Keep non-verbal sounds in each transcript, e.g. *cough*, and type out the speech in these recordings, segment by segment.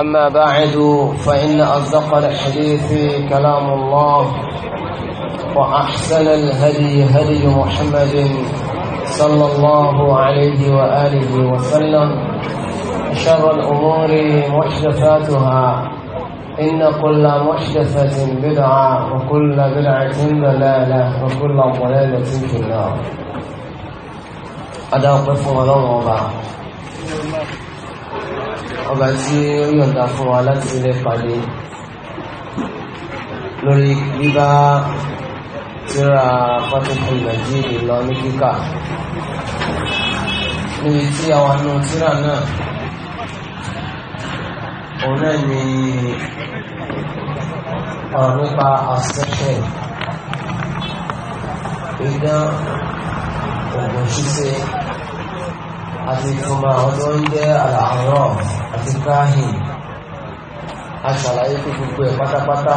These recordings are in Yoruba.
أما بعد فإن أصدق الحديث كلام الله وأحسن الهدي هدي محمد صلى الله عليه وآله وسلم شر الأمور محدثاتها إن كل محدثة بدعة وكل بدعة ضلالة وكل ضلالة في النار أدعو الله ولو ọba tí ó yọ̀ǹda fún wa láti lè pàdé lórí bíbá tíra pátákì nàìjíríà lọ ní kíkà níbi tí àwọn anú tíra náà òun náà ni ọ̀rọ̀ nípa àṣẹ́ṣẹ́ ìdán ògùn ṣíṣe àti ìfúnma àwọn tó ń jẹ́ àlàárọ̀ àti káhìn aṣàlàyé pé gbogbo ẹ̀ pátápátá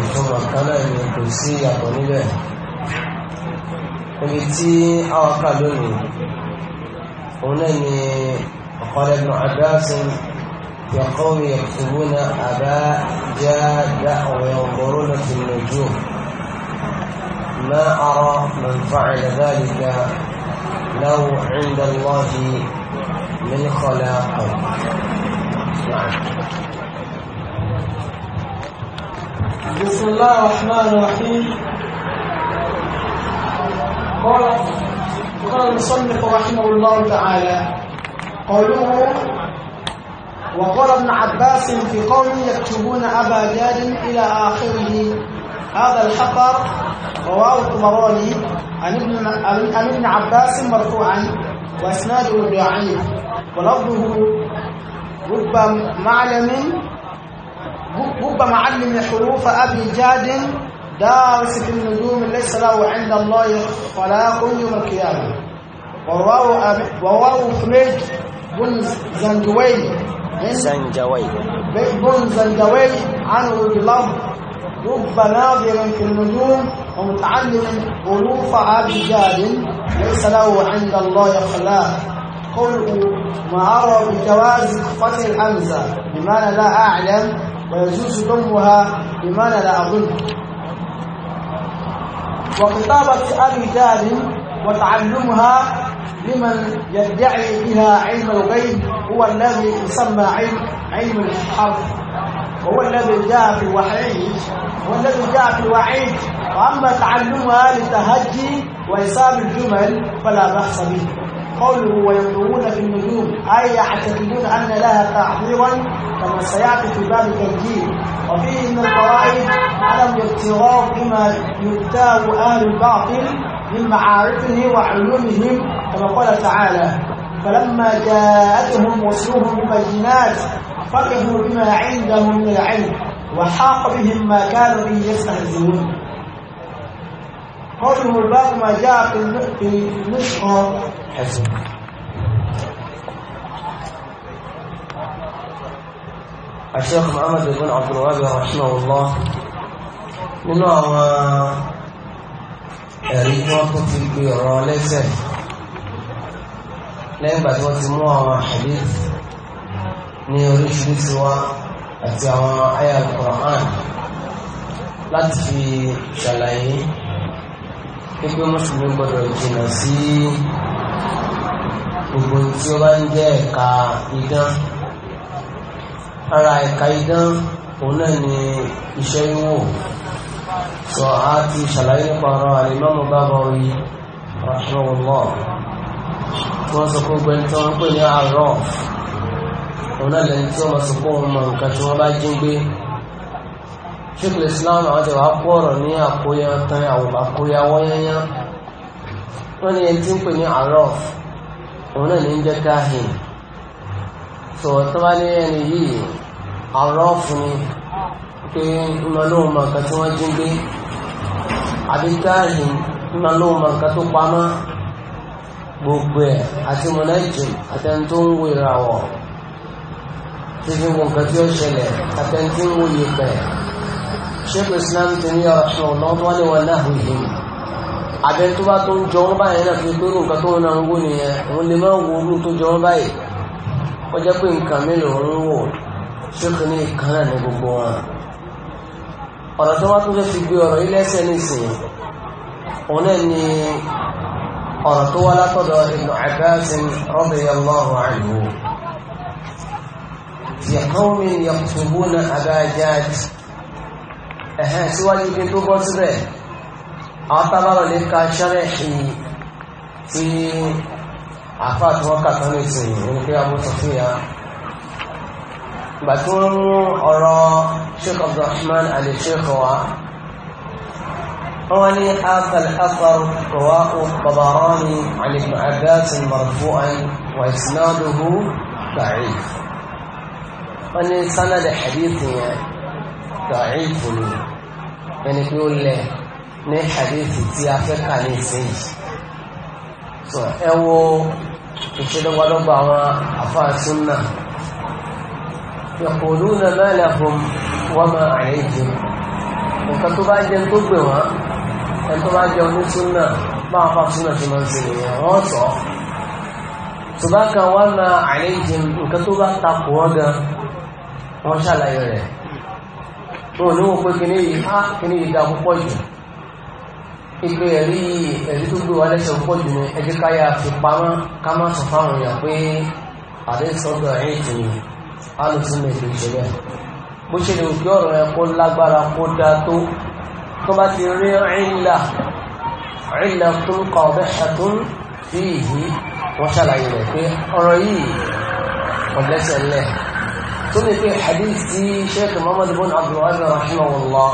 ìfúnma kan náà ni kò sí ìyàtọ̀ níbẹ̀ ibi tí àwọn kà lónìí òun náà ni ọ̀kọ́lẹ̀ ibn Abbas يقوم يكتبون أباء جاد وينظرون في النجوم ما أرى من فعل ذلك له عند الله من خلاق بسم الله الرحمن الرحيم قال قال المصنف رحمه الله تعالى قالوا وقال ابن عباس في قوله يكتبون أبا جاد إلى آخره هذا الحقر رواه الطبراني عن ابن عباس مرفوعا واسناده ضعيف ولفظه رب معلم رب معلم حروف ابي جاد دارس في النجوم ليس له عند الله خلاق يوم القيامه ورواه فليج بن زنجوي زنجوي بن زنجوي عنه بلفظ رب ناظر في النجوم ومتعلم ألوف عبجال ليس له عند الله خلاف قل ما أرى بجواز فتح الهمزة بمعنى لا أعلم ويجوز ضمها بمعنى لا أظن وخطابة أبي جاد وتعلمها لمن يدعي بها علم الغيب هو الذي يسمى علم علم الحرف هو الذي جاء في الوحيد الذي جاء في الوعيد وأما تعلمها للتهجي وإصاب الجمل فلا بأس به قوله وينظرون في النجوم أي يعتقدون أن لها تعبيرا كما سيأتي في باب التنجيم وفيه من الفوائد عدم الاغتراب بما يبتاه أهل الباطل من معارفه وعلومهم كما قال تعالى فلما جاءتهم رسلهم بالبينات فقهوا بما عندهم من العلم وحاق بهم ما كانوا به يستهزئون قوله الباب ما جاء في المشهر حسن الشيخ محمد بن عبد الوهاب رحمه الله nínú àwọn ẹ̀rí tí wọ́n tún ti gbé lẹ́yìn ìgbà tí wọ́n ti mú àwọn hadith ní oríṣiríṣi wá àti àwọn àyà Qur'an láti fi ṣàlàyé pípé mùsùlùmí gbọdọ̀ jìnnà sí gbogbo tí ó bá ń jẹ́ ẹ̀ka idán ara ẹ̀ka idán òun náà ni iṣẹ́ wíwò sọ á ti ṣàlàyé nípa ọ̀rọ̀ àlèmọ́mù bá bọ̀ rí rahmanullah wọ́n sọ pé gbogbo ẹni tí wọ́n ń pè ní àárọ̀ òun náà lẹ́yìn tí wọ́n sọ bá Islam àwọn ní tán wọ́n ní ẹni tí ń pè ní òun náà ní ń jẹ́ káhìn tó bá ni pé mọ nǹkan tí wọ́n àbí káhìn mọ gbogbo ati àti mọ̀nàjì àtẹni tó ń wo ìràwọ̀ fífi wo nǹkan tí ó ṣẹlẹ̀ àtẹni tí ń wo ìyẹ̀pẹ̀ ṣéèkì Islam ti ní ọ̀ṣọ́ lọ́wọ́ ní na náà yi àbẹni tó ba to ń jọ wọn báyìí fi gbogbo wọn ọ̀rọ̀ tó wá tó fẹ́ fi gbé ọ̀rọ̀ ilé ẹsẹ̀ ọ̀rọ̀ tó wá látọ̀dọ̀ Ibn Abbas radiyallahu anhu fi qawmin yaqtuluna Aba Jahd ẹ̀hẹ́ síwájú ibi tó bọ́ síbẹ̀ àwọn tábàrọ̀ lè ka ṣẹ́rẹ̀ tí àfà tí wọ́n kà tán nìsín ní pé ولي هذا الأثر رواه الطبراني عن ابن عباس مرفوعا وإسناده ضعيف وأن سند حديثي ضعيف يعني يقول له ní hadithi tí a fẹ́ kà ní ìsinyìí so ẹ wo ìṣẹ́dọ́gbàdọ́gbà àwọn afáàsúnà yaquluna ma lahum wa ma alayhim nǹkan tó bá jẹ́ tó gbè wọ́n ẹni tó bá jẹ ọdún súnà máa fà súnà tó máa ń ṣe nìyẹn wọ́n sọ ṣùgbọ́n kan wọ́n na àlejò nǹkan tó bá takò wọ́n gan wọ́n ṣàlàyé rẹ̀ wọn ò ní wọ́n pé kíní yìí á ah, kíní yìí da púpọ̀ jù ìpè ẹ̀rí ẹ̀rí tó gbé wa lẹ́sẹ̀ púpọ̀ jù ní ẹjẹ́ káyà fi pamọ́ ká má sọ fáwọn èèyàn pé àdéhùsọ́gbọ̀ ẹ̀yìn ìtìyìn alùsùn lè fi ìṣẹ̀lẹ̀ bó ṣe lè kí ọ̀rọ̀ ẹ̀ kó lágbára kó dáa tó tó bá ti rí ìlà ìlà tó ń kọ ọ̀bẹ́ ṣàtún bí ìhí wọ́n ṣàlàyé rẹ̀ pé ọ̀rọ̀ yìí kò lẹ́sẹ̀ lẹ̀ tó ní pé hadith tí sheikh muhammad bin abdulwahab rahimahullah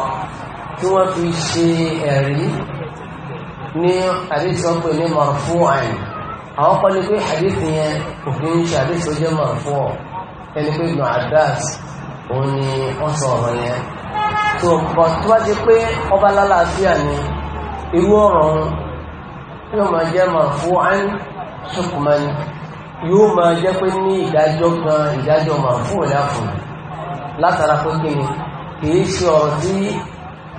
tí wọ́n fi ṣe ẹ̀rí ní hadith wọn pè ní marfu'an àwọn kan ní pé hadith yẹn kò ń ṣe hadith tó jẹ́ ẹni pé ibn abbas òun ni wọ́n sọ ọ̀rọ̀ yẹn So bọ̀ tó bá ti pé ọba lálàáfíà ni irú ọ̀rọ̀ ọ̀hún yóò máa jẹ́ máa fún án ṣùkùnmọ́ni yóò máa jẹ́ pé ní ìdájọ́ gan ìdájọ́ máa fún ìdá látara pé kí ni kìí ṣe ọ̀rọ̀ tí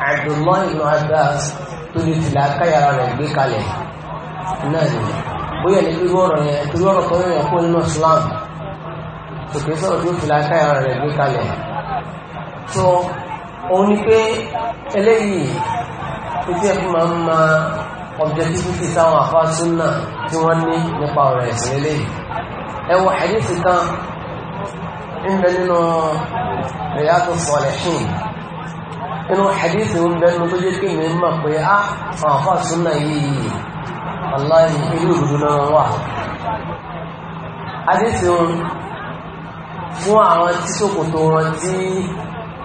Abdullah ibn Abbas tó lè tìlà káyàrá rẹ̀ gbé kalẹ̀ náà ni bóyá ní irú ọ̀rọ̀ yẹn irú ọ̀rọ̀ tó yẹn kó nínú Islam kò kìí sọ̀rọ̀ tó tìlà káyàrá rẹ̀ gbé kalẹ̀ tó òun ni pé eléyìí títí ẹ̀ fi máa ń ma objectivity táwọn àfáàsúnà tí wọ́n ní nípa ọ̀rọ̀ ẹ̀sìn eléyìí ẹ wọ hadith kan ń bẹ nínú Riyadu Salihin inú hadith ń bẹ nínú tó jẹ́ kí mi mọ̀ ah,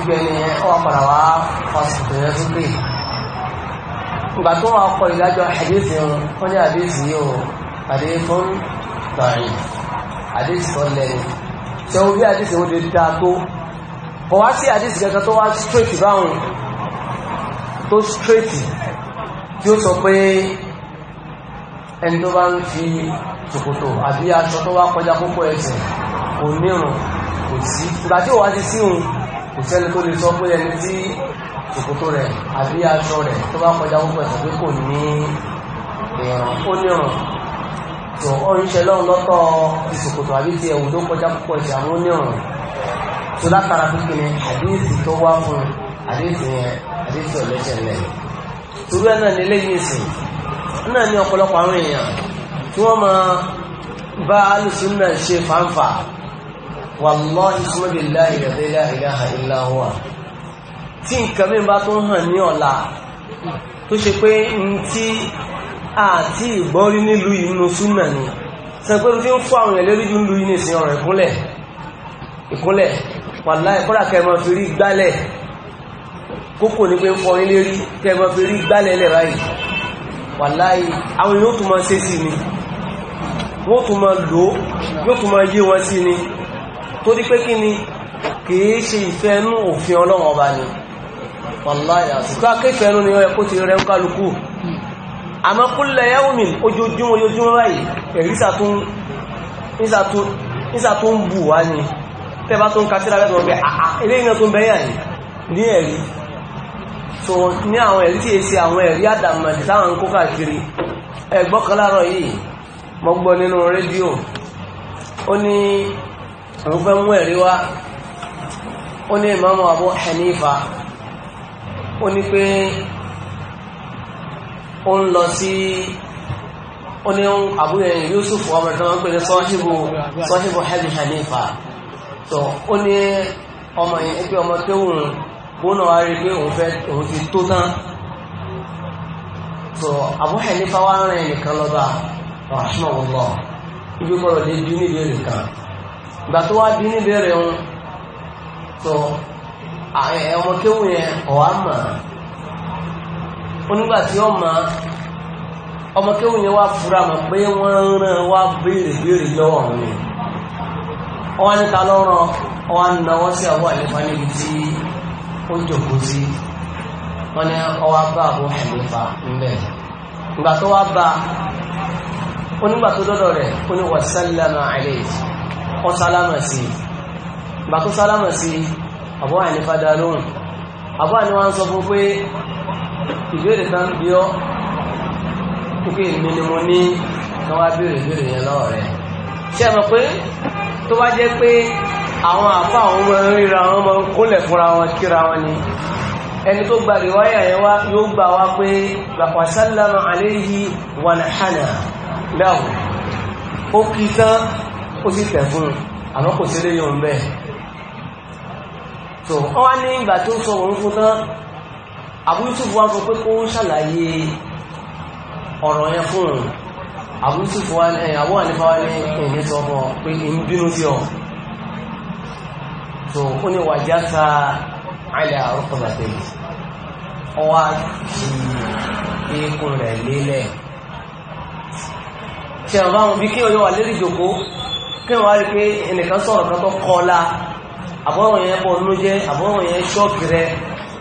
ibi ẹni yẹn ó wà padà wá ọsùn yẹn tó pè ìgbà tó wà kọ ìdájọ́ àdéhùn wọn wọn ní àdéhùn yìí ó àdéhùn tààrí àdéhùn tó lẹ́nu ṣe wọn bí àdéhùn wọn straight báwọn tó straight tí ó endovan si ẹni tó bá ń fi ṣòkòtò àbí aṣọ tó wá kọjá púpọ̀ ẹsẹ̀ kò nírun kò kò sẹ́ni tó lè sọ pé ẹni tí ṣòkòtò rẹ̀ àbí aṣọ rẹ̀ tó bá kọjá púpọ̀ ẹ̀sẹ̀ pé kò ní ìràn ó ní ìràn tó ó ń ṣe lọ́run lọ́tọ̀ ìṣòkòtò àbí ti ẹ̀wù tó kọjá púpọ̀ ẹ̀sẹ̀ àwọn oníràn tó látara pípín ní àdéhìsì tó wá fún àdéhìsì yẹn àdéhìsì ọ̀lẹ́sẹ̀ lẹ̀ torí ẹ̀ náà ní eléyìí ìsìn náà ní ọ̀pọ̀lọpọ̀ àwọn èèyàn tí wọ́n máa bá alùsùn náà ṣe fàǹfà wallahi suma billahi alladhi la ilaha illa huwa tí nǹkan mí bá tó ń hàn ní ọ̀la tó ṣe pé n tí àti ìgbọ́rí nílùú inú súnà ni sọ pé tí ń fún àwọn èèyàn lórí nílùú yìí nìsín ọ̀rọ̀ ìkúnlẹ̀ ìkúnlẹ̀ wallahi kọ́dà kẹmọ fi rí gbálẹ̀ kókò ní pé ń fọyín àwọn èèyàn ó tún sí ni wọ́n tún lò yóò tún máa wọn sí ni torí pé kí ni kìí ṣe ìfẹ́ ẹnu òfin ọlọ́run ọba ni wàláyà ṣùgbọ́n akéfẹ́ ẹnu ni ó yẹ kó ti rẹ ń kálukú àmọ́ kúlẹ̀ yẹ́wùmí ojoojúmọ́ ojoojúmọ́ báyìí ẹ̀rí ìsàtún bù wá ni tẹ́bá tó ń ka síra lẹ́tọ̀ọ́ pé ilé iná tó ń bẹ́yà yìí ní ẹ̀rí so ní àwọn ẹ̀rí tí è ṣe àwọn ẹ̀rí àdàmọ̀dì táwọn ń kó káàkiri ẹgbọ́ kan láàárọ̀ yìí mo gbọ́ nínú rédíò ó ní àwọn fẹ́ mú ẹ̀rí wá ó ní ìmáàmù Abu Hanifa ó ní pé ó ń lọ sí ó ní àbúyẹ Yusuf ọmọ ìtàn wọn pè ní sọ́ṣíbù sọ́ṣíbù Abi Hanifa tó ó ní ọmọ yẹn pé ọmọ kéwùn gbóná wá rí pé òun fẹ́ ti tó tán tó Abu Hanifa wá rìn nìkan lọ́ba rahman allah ibi kọ́rọ̀ dé ìgbà dini wá di níbẹ̀rẹ̀ òun tó ọmọ kéwù yẹn ọ̀wá mà onígbà tí ó mà ọmọ kéwù yẹn wá fura mọ̀ pé wa ń rán wá ni ọwọ́ níta lọ́rọ̀ ọwọ́ náwó sí àwọn àlefa níbi tí ó jòkó sí wọ́n ní ọwọ́ bá àbọ̀ ẹ̀mẹ́fà ńbẹ̀ ìgbà ọsálámà sí ìgbà tó sálámà sí Abu Hanifa dá lóhùn Abu Hanifa ń sọ fún pé ìbéèrè tán bí ọ́ pípé mi ni mo ní kan wá béèrè béèrè yẹn lọ́wọ́ rẹ̀ ṣé ẹ mọ̀ ni ẹni tó gba ìwáyà yẹn wá yóò gbà wá pé làpàṣálàmù alayhi wa nahana láwù ó kì tán ó sì tẹ̀ fún un àmọ́ kò sí léyìn òun bẹ́ẹ̀ tó wọ́n wá ní ìgbà tó sọ òun fún tán Abu Yusuf wá sọ pé kó ṣàlàyé ọ̀rọ̀ yẹn fún un Abu Yusuf wá ní Abu Hanifa wá ní ẹ̀yìn sọ fún ọ pé ń bínú sí ọ tó ó ní wàjá ta àìlẹ̀ àrùkọ̀ bàtẹ́ yìí ọwá fi eékún rẹ̀ lélẹ̀ tí ọ̀rọ̀ àwọn bí kí ọyọ́ wà lérí ìjòkó kí wọ́n rí pé ẹnìkan sọ̀rọ̀ kan tó kọ́lá àbọ̀rọ̀ yẹn bọ̀ ló jẹ́ àbọ̀rọ̀ yẹn ṣọ́ọ̀kì rẹ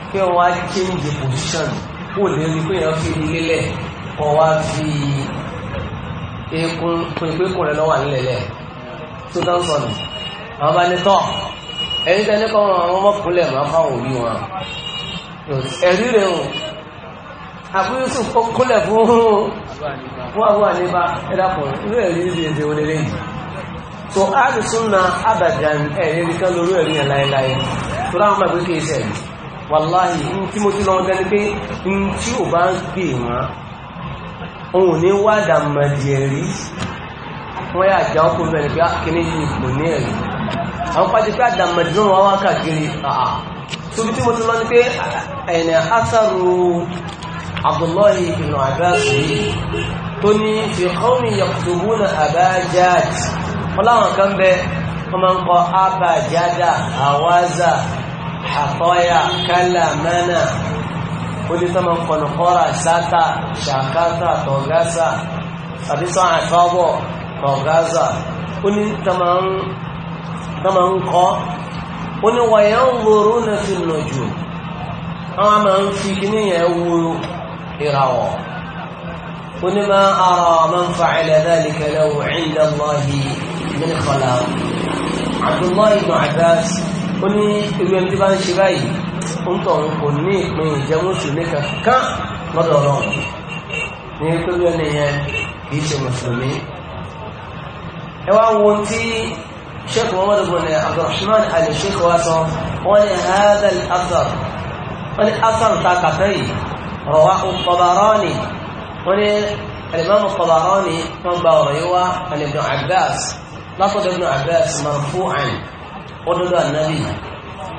kí wọ́n wá change position kó lè rí pé èèyàn fi lélẹ̀ kọ́ wá fi eékún pé pé kò rẹ lọ́wọ́ nílẹ̀lẹ̀ tó tán sọ̀nù àwọn bá ní tọ́ ẹ̀rí tẹ́lẹ̀ kọ́ wọn àwọn ọmọkùnrin máa fáwọn òbí wọn ẹ̀rí rẹ̀ hùn àbú Yusuf kó kúnlẹ̀ fún fún àwọn àníbá ẹ̀dàkùnrin irú ẹ̀rí rẹ̀ ti wọlé lẹ́yìn so alùsùnà abadan ẹ̀rẹ́ rí kan lórí ẹ̀rí ẹ̀ láíláí tó láwọn máa gbé kéèsẹ̀ wàláhì ní tí mo ti lọ gẹ́ni pé ní tí ò bá ń gbé wọn òun ní wà dàmàdì ẹ̀rí wọ́n yà já ọkùn mẹ́rin pé ah, kíní yìí kò ní ẹ̀rí àwọn pàdé pé àdàmàdì náà wá kàkiri àà tóbi tí mo ti lọ ní pé ẹ̀nà asaru abdullahi ibn abbas yìí tó ní fi qawmi yaktubuna ọláwọn kan bẹ wọ́n máa ń kọ abajada awaza àtọ́yà kálámánà ó dé sọ́mọ́ kọ̀nùkọ́ra sátà ṣàkátà tọ̀gásà tàbí sọ́ àtọ́bọ̀ tọ̀gásà ó ní tọ́mọ́ ń kọ́ ó ní wọ̀nyẹ́ ń wòrò náà fi nà jù àwọn máa ń fi kí níyẹn wo ìràwọ̀ ó ní máa ń arọ man fa'ala dhalika lahu 'inda Allahi min khalaq Abdullahi ibn Abbas ó ní irú ẹni tí bá ń ṣe báyìí ó ń tọ̀ ń kò ní ìpín ìjẹmúsùlẹ̀ kankan lọ́dọ̀ ọlọ́run ní pẹ̀lú ẹni yẹn kì í ṣe mùsùlùmí ẹ wá wo tí sheikh muhammad ibn abdulrahman ali sheikh wa sọ wọn gba ọ̀rọ̀ yìí wá Abbas látọ̀dọ̀ ibn abbas marfu'an ọdọdọ annabi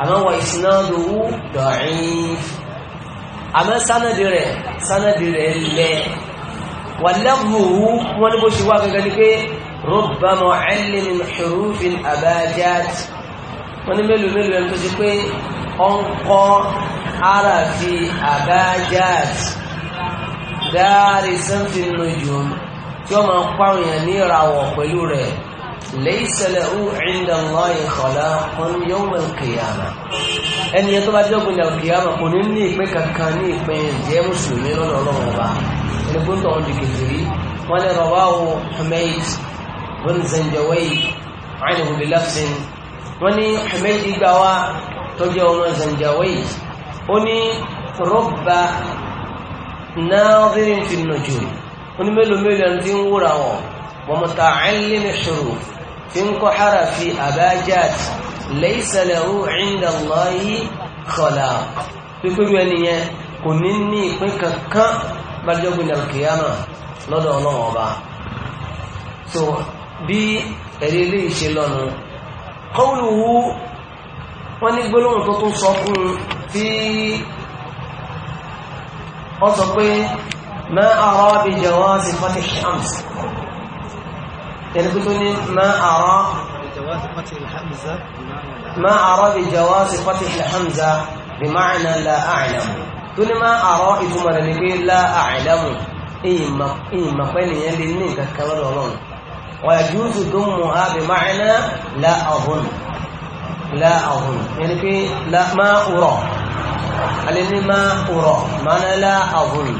àmọ́ wa isnaduhu da'if àmọ́ sanadi rẹ̀ sanadi rẹ̀ lẹ̀ wà lẹ́gbùhù wọn ni bó ṣe wá gẹ́gẹ́ ni pé rubba mu'allimin hurufin abajad wọn ni mélòó mélòó ẹni tó ṣe pé ọ̀nkọ́ ara fi abajad dáàrí sẹ́ńfì nujum tí wọ́n máa pààyàn ní ìràwọ̀ pẹ̀lú rẹ̀ ليس له عند الله خلاق يوم القيامة أن يتبادل من القيامة قنني بك كاني بين زي مسلمين الله أبا أنا كنت عند كثيري وأنا رواه حميد بن زنجوي عنه بلفظ وني حميد إبوا تجاونا زنجوي وني رب ناظر في النجوم وني ملو ملو أنتين وراء ومتعلم الحروف tí ń kọ́ harafi abajad laysa lahu inda Allahi khalaq pípẹ́rú ẹni yẹn kò ní ní ìpín kankan bájọ́gbìn alkiyama lọ́dọ̀ ọlọ́run ọba so bí ẹ̀rí ilé ìṣe lọ́nu qawluhu wọ́n ní gbólóhùn tó tún sọ fún un tí ọ sọ pé ma ara bi jawazi fatih shams يعني ما أرى ما أرى بجواز فتح الحمزة بمعنى لا أعلم تقول ما أرى إتمنى نقول لا أعلم إيه ما فيني يلي نيكا والله. ويجوز دمها بمعنى لا أظن لا أظن يعني في لا ما أرى alẹ́ni máa ọ̀rọ̀ mọ́nálá àwòrán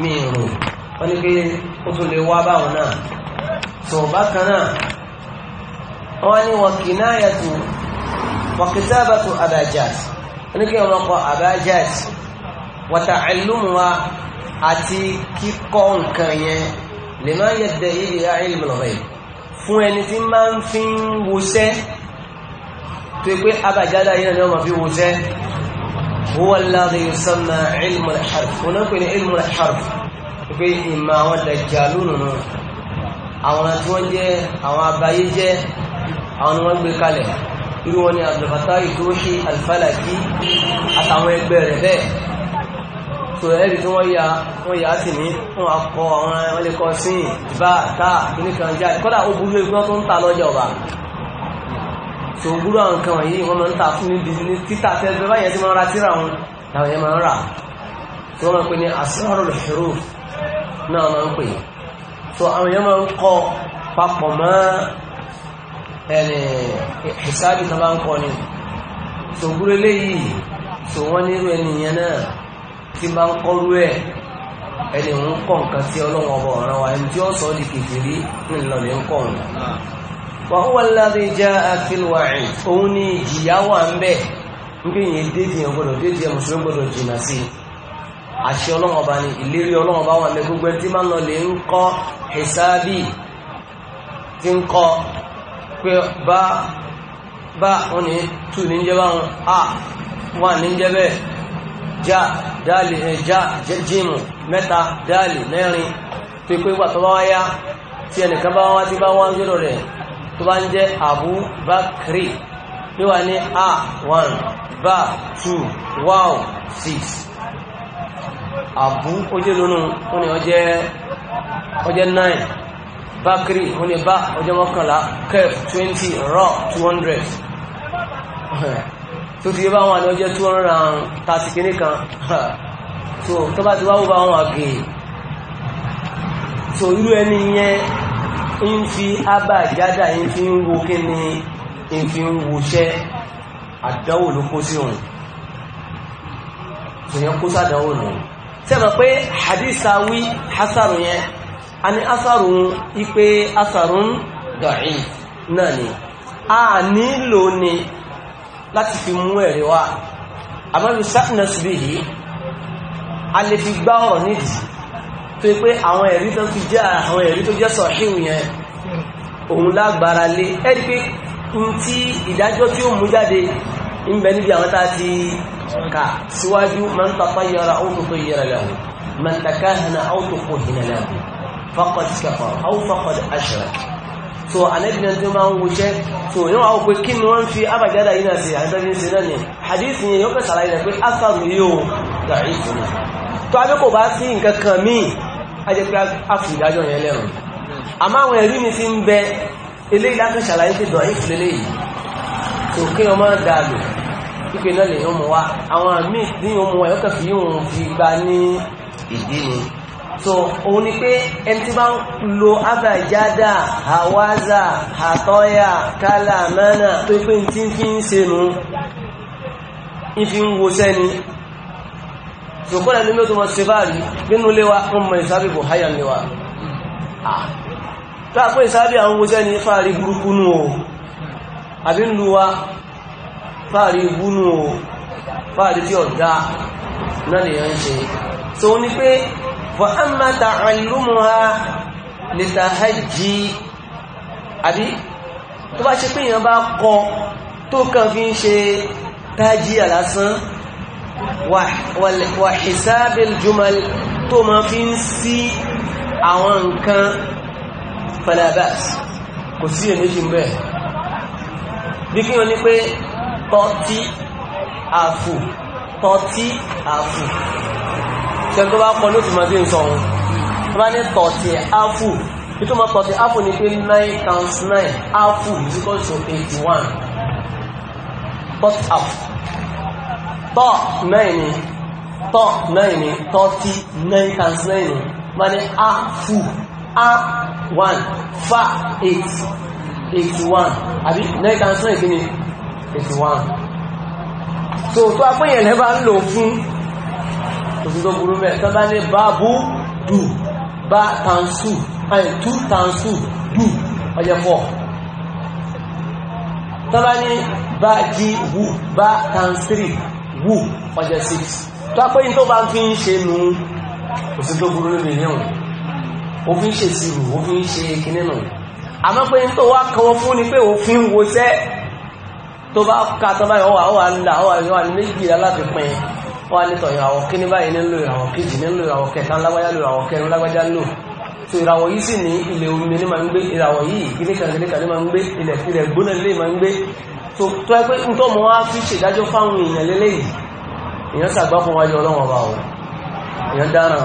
mìíràn wọ́n ni pé ó tún lè wá báwọn tó bákan náà wọ́n ní wọn kì náà yàtọ̀ wọ́n kì sábà tó abajat oníkẹ́ wọn kọ abajat wọ́tà ìlúmùwa àti kíkọ́ nǹkan yẹn lè máa yẹ dẹ ìdí ilmul ghaib fún ẹni tí máa ń fi ń wọṣẹ́ tó pé abajada yìí náà ni wọ́n máa fi wọṣẹ́ هو الذي يسمى علم الحرف هناك علم الحرف في إما ودجالون àwọn tí wọ́n jẹ́ àwọn abayé jẹ́ àwọn ni wọ́n gbé kalẹ̀ irú wọn ni abdulfatah ìtòhí alifalaki àtàwọn ẹgbẹ́ rẹ̀ bẹ́ẹ̀ tó ẹ̀rí tí wọ́n ya wọ́n yà á sì ní wọ́n akọ àwọn ẹlẹ́kọ̀ọ́ sí ìbá tá nìkan já kọ́dà ó burú egun tó ń ta lọ́jà ọba tó burú àwọn nǹkan wọ̀nyí wọ́n máa ń ta fún níbi ní títà tẹ́ bẹ́ẹ̀ báyẹn tí wọ́n ra tíra wọn làwọn yẹn máa ń rà tí wọ́n máa ń pè ní asọ́rọ̀ lòṣòro náà máa ń pè é so àwọn èèyàn máa ń kọ papọ̀ mọ́ ẹni ìsáàbì tó bá ń kọ ni so gúrú eléyìí so wọ́n nírú ẹni yẹn náà tí bá ń kọrú ẹ̀ ẹni ń kọ̀ nǹkan tí ọlọ́wọ́n ọba ọ̀ràn wa ẹni tí ó sọ ọ́ di kékeré ńlọ ní ń kọ̀ ọ̀hún wà ó wà láti já àfihàn òun ni ìjìyà wà ń bẹ̀ nígbè yẹn dédìí ẹ̀ mùsùlùmí gbọ́dọ̀ jìnnà sí i àṣẹ ọlọ́run ọba ni ìlérí ọlọ́run ọba wà lẹ́gbogbo ẹni tí máa ń lọ lè ń kọ́ hisabi tí ń kọ́ pé bá bá wọn ní tù ní jẹ́ báwọn a wà ní jẹ́ bẹ́ẹ̀ já dáàlì ẹ̀ já jíìmù mẹ́ta dáàlì mẹ́rin tó pé wà tó bá wá yá tí ẹnìkan bá wá tí bá wá ń rẹ̀ tó bá ń jẹ́ Abu Bakri yóò wá ní a one ba two wow six àbú ojé lónú ó ní ọjẹ́ ọjẹ́ 9 bakri ó ní bá ọjẹ́ mọ́kànlá kef 20 rọ 200 tó ti yé bá wọn ní ọjẹ́ 230 kìíní kan *laughs* so tó bá ti wá wọ́n bá wọn àgè so irú ẹni yẹn ń fi ábà jádà ń fi ń wo kí ń fi ń woṣẹ́ àdánwò ló kó sí òun ìyẹn kó sádánwò nù sẹ́mọ̀ pé hadisa wí hasaru yẹn a ní asaru ipe asaru da'if náà ni a nílò ni láti fi mú ẹ̀rí wá àmọ́lù sáfìnàsìbì yìí a lè fi gbá ọ̀rọ̀ nídìí tó pé àwọn ẹ̀rí tó fi jẹ́ àwọn ẹ̀rí tó jẹ́ sọ̀híù yẹn òun lágbára lé ẹ̀rí pé tí ìdájọ́ tí ó mú jáde ń bẹ níbi àwọn tá a ti kà síwájú man tatayyara aw tutayyara lahu man takahana aw tukuhina lahu faqad kafar aw faqad ashrak so anẹ́bìnà tí ó máa ń so yíò àwọn pé kí ni wọ́n fi abàjádà yìí náà sí àìsàbí ṣe náà ni hadith yẹn yóò kẹsàlá yìí pé asàrù yóò dàrí ìfúnni tó abẹ́kò bá sí nǹkan kan míì a jẹ́ pé àfi ìdájọ́ yẹn lẹ́rùn àmọ́ àwọn ẹ̀rí mi ti ń bẹ eléyìí láti ṣàlàyé ti dọ̀ ìfúnlélẹ́yìí so kí wọ́n máa dáa lò kíkẹ́ náà lè yàn mú wa àwọn àmì tí yàn mú kẹfì yóò fi gba ní ìdí ni so òun ni pé ẹni tí wọ́n lo abajada hawaza hatoya kalamana tó pé tí ń fi ń ṣe nu ń fi ń wo sẹ́ni ṣòkòrò ẹni mẹ́tọ́ wọn ṣe báyìí nínú ilé wa ọmọ ìsábì bò háyà ní wa tó àpò ìsábì àwọn wo sẹ́ni fáàrí burúkú nù o àbí ń lu wa fáàrí búnú o fáàrí tí ọ̀dá náà lè yàn ṣe tó ní pé wà á máa ta àìlúmọ̀ha nìta hajji àbí tó bá ṣe pé èèyàn bá kọ tó kàn fi ń ṣe tájí àlásán wà hisabil jumal tó ma fi ń sí àwọn nǹkan falabas kò sí èméjì ń bí kí wọ́n ní pé tọ́tí àfù tọ́tí àfù ṣe tó bá kọ ní òtùmọ̀ sí ń sọ ohun tó bá ní tọ́tí àfù ìtumọ̀ tọ́tí àfù ní pé 9 times 9 àfù is equal to 81 tọ́tí àfù tọ́ 9 ni tọ́ 9 ni tọ́tí 9 times 9 ni bá ní àfù a 1 fa 8 81 àbí 9 times 9 ni one. so tó apẹ́yẹ̀ lẹ́ bá ń lò fún òfin tó burú mẹ́ tó bá ní báàbù dù bá tàǹsù àyè tú tàǹsù dù ọjẹ́ pọ̀ tó bá ní ba jí wù bá tàǹsírì wù ọjẹ́ 6 tó apẹ́yìn tó bá fi ń ṣe nù òfin tó burú níbi yẹn òfin ṣe sírù òfin ṣe kinínú àmọ́ pé tó wá kọwọ́ fún ni pé òfin wo sẹ́ tó bá ká tán báyìí ọwà ọwà ńlá ọwà ìwà ní méjì aláti pin wà nítọ̀ ìràwọ̀ kíní báyìí nílò ìràwọ̀ kejì nílò ìràwọ̀ kẹta lágbájá lò ìràwọ̀ kẹrin lágbájá lò tó ìràwọ̀ yìí sì ní ilẹ̀ omi ní ma ń gbé ìràwọ̀ yìí kíní kan kíní kan ní ma ń gbé ilẹ̀ ilẹ̀ gbóná lè ma ń gbé tó tó ẹ pé nítọ́ mọ́ wá fi ṣèdájọ́ fáwọn èèyàn lélẹ́yìí èèyàn sàgbá fún wájú ọlọ́wọ̀n ọba ọ̀ èèyàn dára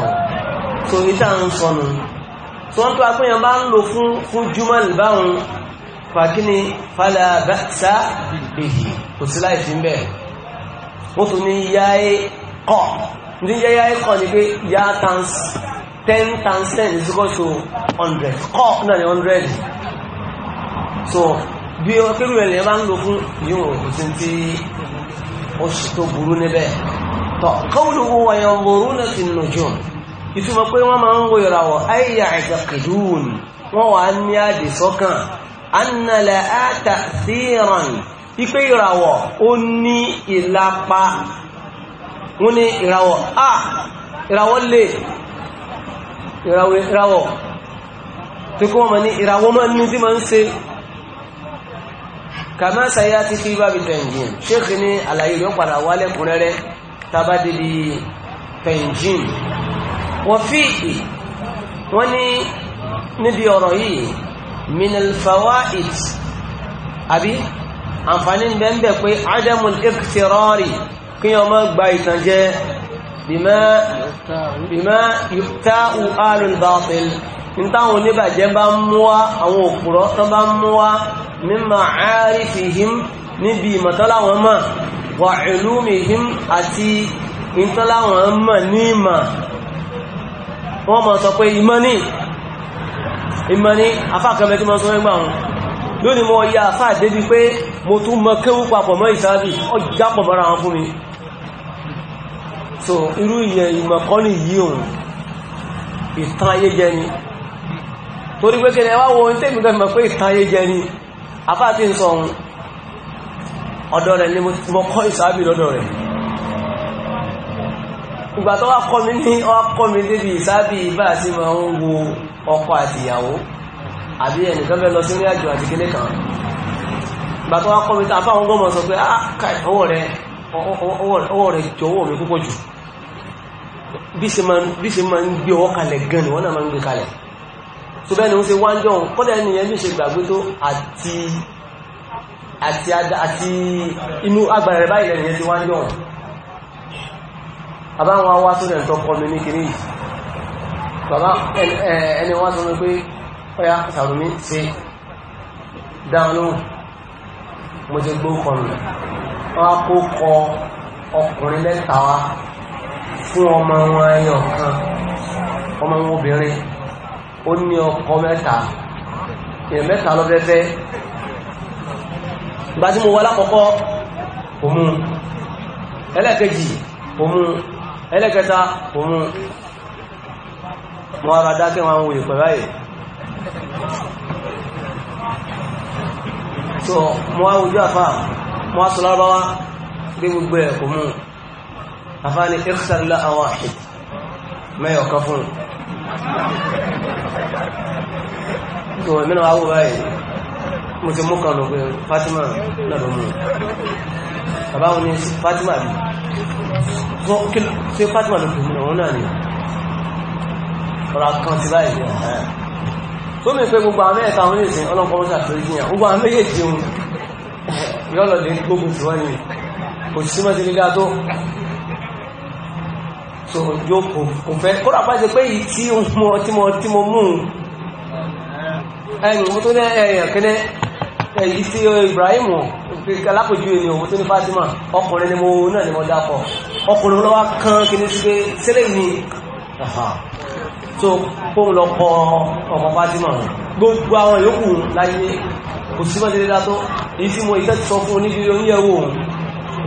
ọ̀ fàkíní falabẹ́sà bèhì kò sí láì fi ń bẹ̀ wọ́n tún ní yáyé kọ́ ní yáyé kọ́ ni pé yá tans ten times ten is equal to hundred kọ́ náà ni hundred so bí ọ kérù ẹ̀ lẹ́yìn bá ń lo fún yíò kò sí ti oṣù tó burú níbẹ̀ tọ́ kọ́wùlù wo wọ̀nyẹ wòrú náà ti nù jù ìtumọ̀ pé wọ́n máa ń wo ìràwọ̀ ayé àìsàn kìdúùn wọ́n wà á ní àdìsọ́kàn annala ata síran ipe ìràwọ̀ ó ní ìlapa wọ́n ní ìràwọ̀ a ìràwọ̀ lè ìràwọ̀ tí kó wọ́n ní ìràwọ̀ mọ́ ní tí ma ń ṣe kàmá sayá ti fi bá bí tẹ̀yìn ṣéèkì ní àlàyé yóò padà wá lẹ́kùnrẹ́rẹ́ tàbá dìdì tẹ̀yìn fi wọ́n ní níbi ọ̀rọ̀ yìí minal fawaid àbí àǹfààní ń bẹ́ẹ̀ pé adamul ikhtirari kí wọ́n má gba ìtànjẹ bima yukta'u alul batil ní táwọn oníbàjẹ́ bá ń mú wá àwọn òpùrọ́ tán bá ń mú wá mímọ̀ àárìfihim níbi ìmọ̀tọ́láwọn mọ̀ wà ìlúmihim àti ìtọ́láwọn mọ̀ ní ìmọ̀ wọ́n mọ̀ sọ pé ìmọ̀ ní ìmọ̀ ní afákanmẹ́ tí mọ́ sọ ẹgbà wọn lónìí mọ́ ya afá débi pé mo tún mọ́ kéwú papọ̀ mọ́ ìsáàbì ọjá pọ̀ mọ́ra wọn fún mi so irú ìyẹn ìmọ̀kọ́nì yìí òun ìtàn ayé jẹ ni torí pé kí ni ẹwà wọn tẹ́mi pé ìtàn ni afá ti ń ìgbà tó wá kọ́ mi ní ọkọ́ mi débi ìsábì ìbá sí máa ń wo ọkọ àtìyàwó àbí ẹnìkan fẹ́ lọ sí ní àjò àti kílé kan ìgbà tó wá kọ́ mi tàbí àwọn gọ́mọ̀ sọ pé ọwọ́ ah, rẹ ọwọ́ rẹ jọ ọwọ́ mi púpọ̀ jù bí ṣe máa ń gbé ọwọ́ kalẹ̀ gan ni wọ́n náà máa ń gbé kalẹ̀ tó bẹ́ẹ̀ ni ó ṣe wá ń jọ òun kọ́dà ní ṣe gbàgbé tó àti inú agbára rẹ̀ báyìí lẹ́nìyẹn ti wá ń bàbá wọn wá tó lẹ́ntọ́ kọ́ mi ní kiri yìí bàbá ẹni wá sọ pé ọya sàrùmí ṣe dáhùn lóhùn mo ti gbó kọ mi wọn kó kọ ọkùnrin lẹ́ta wa fún ọmọ wọn ẹyọ kan ọmọ wọn obìnrin ó ní ọkọ mẹ́ta èèyàn mẹ́ta lọ fẹ́fẹ́ ìgbà tí mo wá lákọ̀ọ́kọ́ òmu ẹlẹ́ẹ̀kejì òmu ẹlẹ́kẹta òun wọn ara dákẹ́ wọn wòye pẹ̀lú àyè tó mọ́ ojú àfá mọ́ asọ́lábáwá bí gbogbo ẹ̀ kò mú àfá ní ìrìsàlá àwọn àṣìd mẹ́yọ̀ kan fún tó mẹ́nà wáwọ́ báyìí mo náà lọ mú bàbá wọn ni Fatima bíi ṣe Fatima ló kùn ọ̀hún náà ni ọ̀rọ̀ kan ti báyìí ní ọ̀hún tó mi pé gbogbo àwọn mẹ́ta wọn nìsín ọlọ́pọ̀ sàtòrí yìnyàn gbogbo àwọn méjèèjì ohun yọ́lọ̀dé gbogbo tí wọ́n ni kò sí mọ́ sí nígbà tó tó yóò kò fẹ́ kó rà bá ṣe pé yìí tí mo tí mo tí mo mú un ẹ̀yìn mo tó ní ẹ̀yàn kẹ́lẹ́ pé alápòjú ẹni òun tó ní Fatima ọkùnrin ni mo náà ni mo dápọ̀ ọkùnrin lọ́wọ́ kan kí ní pé sílẹ̀ ni tó kóhun lọ kọ ọmọ Fatima gbogbo àwọn yòókù láyé kò sí mọ́tẹ́lẹ́ dátó èyí tí mo ìtẹ́ ti sọ fún oníbi oníyẹ̀wò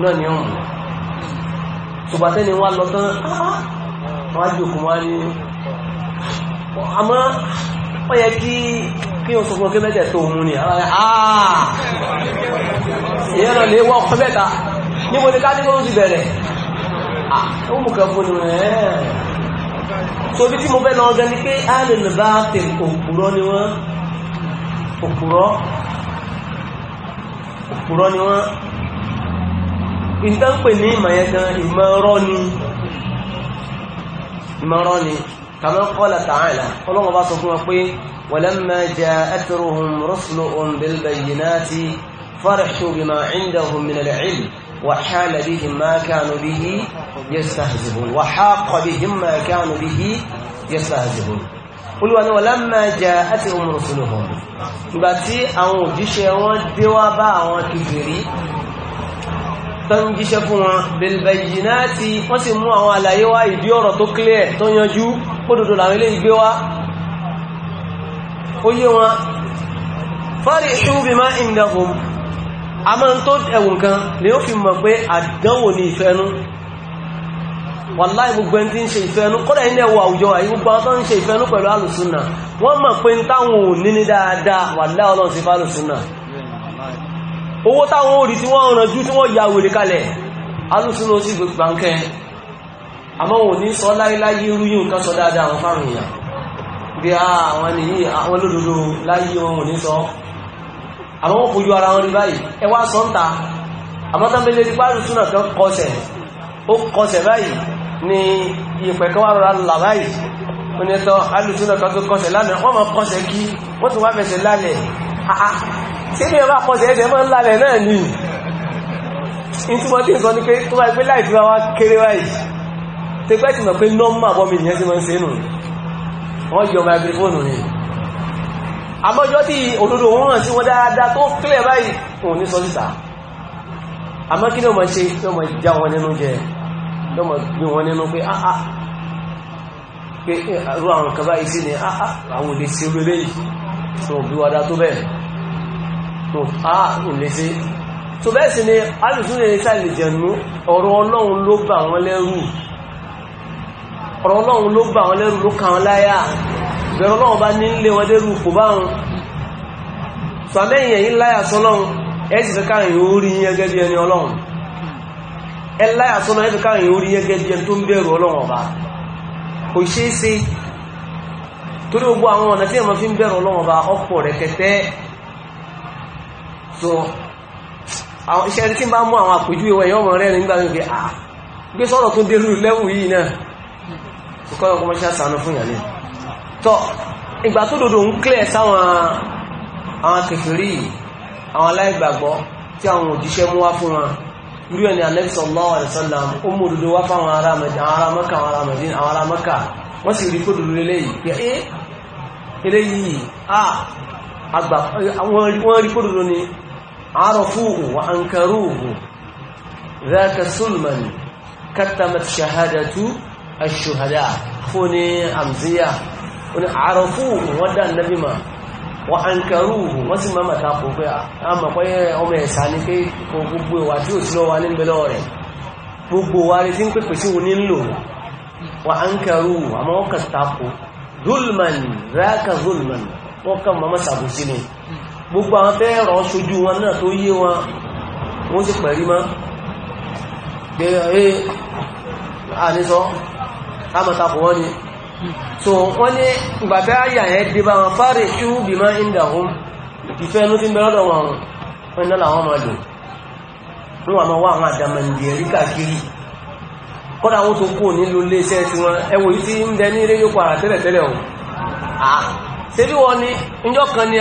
náà ni ọ̀hún ṣùgbàtẹ́ni wá lọ tán wọ́n á jòkó wá ní àmọ́ wọ́n yẹ kí kí o sọ fún ọkẹ́ mẹ́tẹ̀ tó mú ní àwọn àà ìyẹn lè wọ́n ọkọ̀ ni káàkiri ó ti bẹ̀rẹ̀ so bí tí mo fẹ́ lọ gan ni pé a lè lè bá tè òpùrọ́ ni wọ́n òpùrọ́ òpùrọ́ ni wọ́n ìtànpè ní ìmọ̀ yẹn gan ìmọ̀ ọ̀rọ̀ ni ìmọ̀ ọ̀rọ̀ ni kàmọ́ kọ́ làtàrà ọlọ́wọ́ bá sọ fún wọn pé ولما جاءتهم رسلهم بالبينات فرحوا بما عندهم من العلم وحال بهم ما كانوا به يستهزئون وحاق بهم ما كانوا به يستهزئون olúwa ní ọlọ́mà jẹ́ àti òmùrùsùlùmọ̀ ìgbà tí àwọn òjíṣẹ́ wọn dé wá bá àwọn kìfèrí tó ń jíṣẹ́ fún wọn bilbayi náà tí wọ́n sì mú àwọn àlàyé wá ìdí ọ̀rọ̀ tó clear tó yanjú pódòdó làwọn ilé ìgbé wá ó yé wọn fọ́rí ìṣúbí máa ń dẹ̀hùn a máa ń tó ẹ̀wùn kan ni ó fi mọ̀ pé àdánwò ní ìfẹ́nú wàláì gbogbo ẹni tí ń ṣe ìfẹ́nú kọ́dà ní ẹwọ àwùjọ àyí gbogbo àwọn tó ń ṣe ìfẹ́nú pẹ̀lú alùsùnà wọ́n mọ̀ pé ń táwọn ò ní ní dáadáa wàláì ọlọ́run sí fálùsùnà owó táwọn orí tí wọ́n rànjú tí wọ́n ya wèrè kalẹ̀ alùsùnà sì gbàǹkẹ́ àmọ́ wọn ò ní sọ láíláyé irú yìí nǹkan sọ dáadáa àwọn fáwọn èèyàn pé ah, àwọn nìyí ah, àwọn olódodo láyé wọn ò ní sọ àmọ́ wọ́n fojú ara wọn rí báyìí ẹ wá sọ ń ta àmọ́ tán bẹ́lẹ̀ nípa àrùsùn náà kan kọsẹ̀ ó kọsẹ̀ báyìí ni ìpẹ̀ kan wà rọra là báyìí wọ́n ni tán àrùsùn náà kan tó kọsẹ̀ lánàá wọ́n máa kọsẹ̀ kí wọ́n tún wá fẹsẹ̀ lálẹ̀ àá tí ní ọba kọsẹ̀ ẹ̀jẹ̀ máa ń lálẹ̀ náà ni ìtumọ̀tí nǹkan ni pé tó bá gbé láì fi wá kéré báyìí tẹgbẹ́ ti mọ̀ pé nọ́mbà bọ́mì ìyẹn ti máa ń ṣe nù wọ́n yọ microphone ni àmọ́jọ́ tí òdodo wọn hàn sí wọn dáadáa tó clear báyìí òun ní sọ síta àmọ́ kí ní ọmọ ṣe tí ọmọ já wọn nínú jẹ lọ́mọ gbé wọn nínú pé áá ah, ah, pé eh, rú àwọn kan báyìí sí ni áá ah, àwọn olè sí olóòlé yìí tó bí wádá tó bẹ́ẹ̀ tó áá olè sí tó bẹ́ẹ̀ sí ni alùsùn lè ní sáà ọ̀rọ̀ ọlọ́run ló bà wọ́n lẹ́rù ọ̀rọ̀ ọlọ́run ló bà wọn lẹ́rù ló kà wọn láyà bẹ̀rẹ̀ ọlọ́run bá ní lé wọn lẹ́rù kò bá wọn tó àmẹ́yìn ẹ̀yìn láyà sọ́lọ́run ẹ sì fẹ́ káàrin orí yẹn gẹ́gẹ́ bí ẹni ọlọ́run ẹ láyà sọ́lọ́run ẹ fẹ́ káàrin orí yẹn gẹ́gẹ́ bí so iṣẹ́ tí ń bá mú àwọn àpèjúwe wọ̀nyí ọmọ rẹ̀ nígbà wípé ah gbé sọ́rọ̀ tó dérú lẹ́wù yìí náà kọ́lọ̀ kọmọ ṣe àsànú fún ìyàní tọ́ ìgbà tó dòdò ń kílẹ̀ sáwọn àwọn kèfèrí àwọn aláìgbàgbọ́ tí àwọn òjíṣẹ́ mú wá fún wọn irú ẹni Ànábì sallallahu alaihi wasallam ó mú òdòdó wá fáwọn ará Mẹ́kà àwọn ará Mẹ́dínà àwọn ará Mẹ́kà wọ́n sì rí kó shahadatu aṣùhàdá fún ní àmzíyà wọ́n àrọ̀fú wọ́n dá nàbí ma wọ́n an kẹrù wọ́n sì máa mata kò pé àmà pé ọmọ ẹ̀sà ní pé kò gbogbo ìwà tí ò sí lọ́wọ́ ní bẹ̀lọ́ rẹ̀ gbogbo wa rí tí ń pèpè sí wọn nílò wọ́n an kẹrù àmọ́ wọ́n kà àwọn fẹ́ rọ̀ àmọ́takù wọn ni so wọ́n ni ìgbàfẹ́ àyà yẹn dé bá wọn fáre kí ó máa ń ìfẹ́ ti ń bẹ̀rẹ̀ wọn wọn náà wá àwọn tó kù nílùú iléeṣẹ́ tí yìí ti ń ní o wọn ní njọ́ kan ni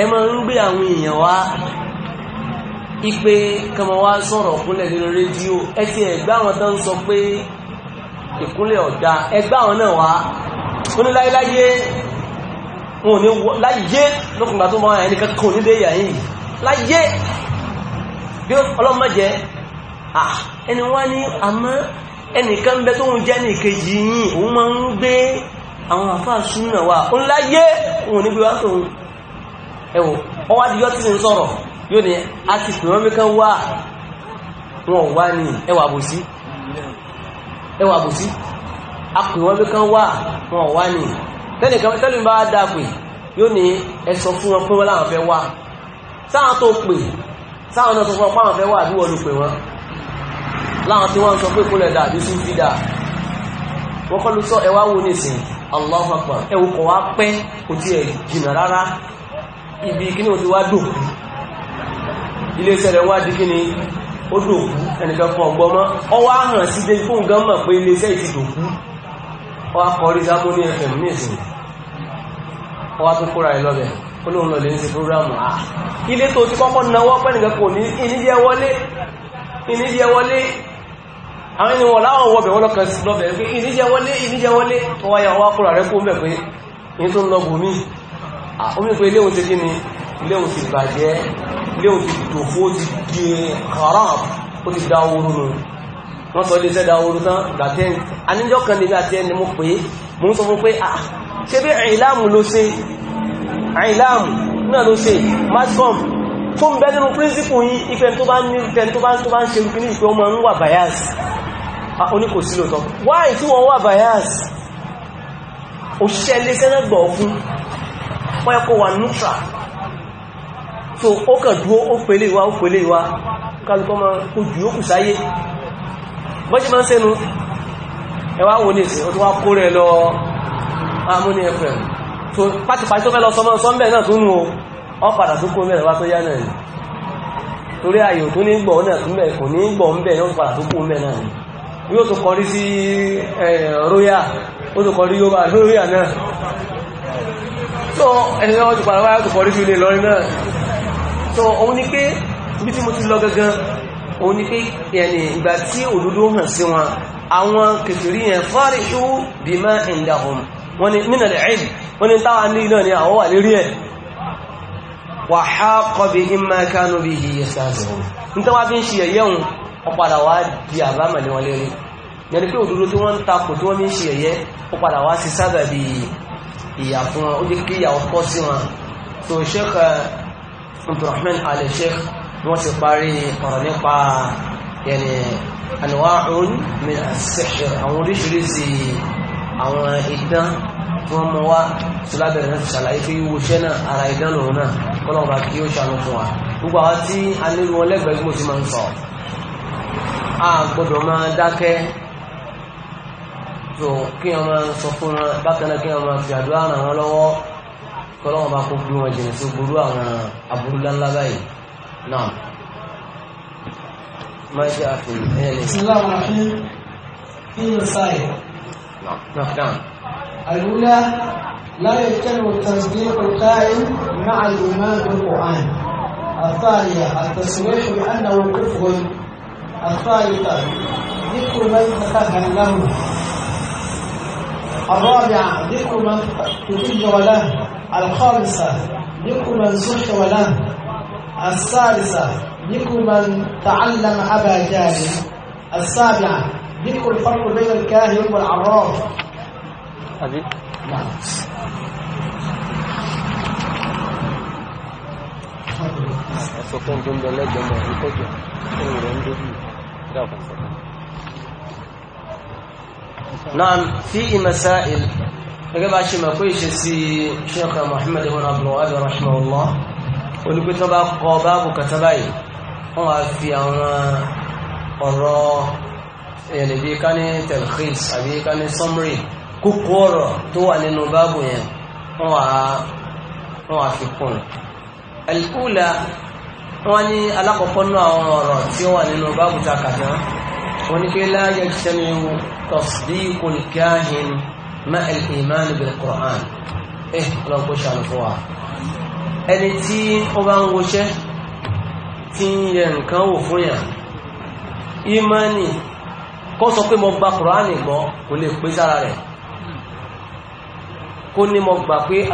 ẹ ma ń gbé àwọn èèyàn ipe kama wá sọ̀rọ̀ kúnlẹ̀ nínú rédíò ẹ ti ẹ̀gbá àwọn tó ń sọ pé ìkúnlẹ̀ ọ̀dá ẹgbá àwọn náà wá ó ní láyéláyé wọn ò ní láyé lókùnlá tó máa ẹni kankan ò ní dé yàyìn láyé bí ọlọ́mọ̀jẹ́ ẹni wá ní àmọ́ ẹnìkan bẹ tó ń jẹ́ ní ìkejì yìí òun máa ń gbé àwọn àfáà súnà wa ó ń láyé wọn ní gbé wá tóun ẹwọ ọwádìí yọ tí ń sọ̀rọ̀ yóò ní artist wọn mẹ́kan wá wọn wá ní ẹwà àbòsí ẹwà àbòsí apè wọn mẹ́kan wá wọn wá ní tẹ́nìkan tẹ́lùmí bá dáa pè yóò ní ẹsọ fún wọn pé wọ́n láwọn fẹ́ wá sáwọn tó pè sáwọn náà sọ fún ọpáwọn fẹ́ wà bí wọ́n ló pè wọn láwọn tí wọ́n sọ pé kúlẹ̀ dà bí sí fi dà wọ́n kọ́ ló sọ ẹwà wo nìsín Allahu Akbar ẹwù kọ̀ wá pẹ́ kò tiẹ̀ jìnà rárá ibi kí ni o ti wá dùn iléeṣẹ́ rẹ̀ wá di kíni ó dòkú ẹnìkan fún ọgbọ́n mọ́ ọwọ́ àhàn sí dé fún nǹkan mọ̀ pé iléeṣẹ́ ìti dòkú ọwọ́ akọrí sámúní fm ní ìsìn ọwọ́ tó kóra ẹ̀ lọ́bẹ̀ ó lóun lọ lè ń ṣe prógrámù à ilé tó ti kọ́kọ́ náwó pẹ́ nìkan kò ní ìníjẹ wọlé ìníjẹ wọlé àwọn ènìyàn láwọn wọbẹ̀ wọ́n lọ́kàn sí lọ́bẹ̀ ilé òun ti kí ni ilé òun ti bàjẹ́ ilé ò ti dòfó ti di haram ó ti da ooru nù wọ́n sọ iléeṣẹ́ da ooru tán ìgbà tẹ́ni aníjọ́ kan níbi àti ẹni mo pè é mo ń sọ fún pé ah ṣé bí àìláàmù ló ṣe àìláàmù náà ló ṣe mascom tó ń bẹ nínú príncipù yìí ife tó bá ní ife tó bá ń ṣe rúkú ní ìpé ọmọ ń wà bias oní kò sí lóòtọ́ why tí wọ́n wà bias òṣìṣẹ́ iléeṣẹ́ náà gbọ̀ fún wọ́n yẹ wà neutral so ó kàn dúó ó pèlè wa ó pèlè wa kálùkọ́ ma kó jù ó kù sáyé máa ń sẹ́nu ẹwà wo ní wá kó rẹ̀ lọ amúni fm so pátipátí tó fẹ́ lọ náà tó padà tó kó mẹ́rẹ̀ wá tó yá náà ni torí ayò tó ní gbọ̀ náà túnbẹ̀ kò ní gbọ̀ ń bẹ̀ yóò padà tó kó náà ni yóò tó kọrí sí róyà ó tó náà tó kọrí tó òun ni pé ibi tí mo ti lọ gangan òun ni pé yẹni ìgbà tí òdodo hàn sí wọn àwọn kèfèrí yẹn farihu bima indahum wọ́n ni min al-ilm wọ́n ni táwa ní iná ni yẹni pé òdodo tí wọ́n ń takò tí wọ́n ní ṣe ẹ̀yẹ́ ọ̀padà wá sí sábàbí ìyà fún ó jẹ́ kí ìyà ọkọ́ sí wọn tó ṣẹ́kọ̀ọ́ abdulrahman ali sheikh wọ́n ti parí ọ̀rọ̀ nípa yẹni anwa'un min as-sihr àwọn oríṣiríṣi àwọn idán tí wọ́n mọ wá sílábẹ̀rẹ̀ náà ti ṣàlàyé pé wíwo iṣẹ́ náà ara idán lòun náà kọ́lọ́n bá kí ó ṣàánú fún wa gbogbo àwọn tí a nílùú wọn lẹ́gbẹ̀ẹ́ gbogbo ti máa ń sọ a gbọ́dọ̀ máa dákẹ́ tó kí wọ́n máa sọ fún wọn bákan náà kí wọ́n máa fi àdúrà ràn wọ́n lọ́wọ́ kọ́lọ́wọ́n bá kó gbé wọn jìnnà sí burú àwọn aburú lánlá báyìí náà máa ṣe àfihàn ẹ̀yẹ lè. ìsìláwọ̀ àfihàn kí ló sáyẹ̀. náà náà. àlùlá láyé kẹ́lù tàbí ọ̀táyé máa lè máa ń kó àn. الثانية التسويح بأنه كفر الثالثة ذكر من تكهن له الرابعة ذكر من قدر وله الخامسة ذكر من سحر وله السادسة ذكر من تعلم أبا جاهل السابعة ذكر الفرق بين الكاهن والعراف أبي نعم أسوكم جملة لجملة لجملة لجملة لجملة náà fi masail gẹ́gẹ́ bá ṣe mọ̀ pé ìṣe sí Sheikh Muhammad ibn Abdul Wahhab rahimahullah olùgbé tó bá kọ báàbù kàtà báyìí wọ́n wá fi àwọn ọ̀rọ̀ ẹ̀yẹ̀lẹ̀ bí ká ní telkhis àbí ká ní summary kókó ọ̀rọ̀ tó wà nínú báàbù yẹn wọ́n wá fi kún al-ula wọ́n ní alákọ̀ọ́kọ́ náà àwọn ọ̀rọ̀ tí ó wà nínú báàbù ta kàtà wọ́n ní pé la yajtami'u tasdiqul kahin ma'al iman bil Qur'an ẹ̀ ọlọ́pọ̀ ṣàlù fún wa ẹni tí ó bá ń woṣẹ́ tí ń yẹ nǹkan wò fún yàn ìmánì kó sọ pé mo gba Kùránì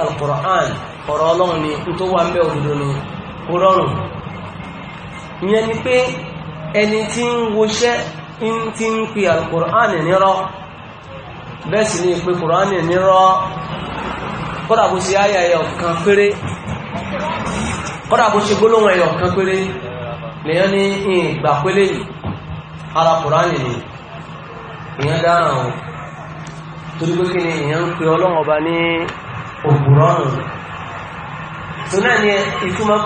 al-Qur'an ẹni tí ń woṣẹ́ ti ń pè alkùránì nírọ́ bẹ́ẹ̀ sì ni ìpè kùránì nírọ́ kódà kó ṣe péré kódà gbólóhùn ẹyọ kan péré lèyàn ní ìgbà pélé yìí ara kùránì ni ìyẹn dáràn o torí pé kí ni pe ọba ní òbúrọ́rùn tó náà ni ìtumọ̀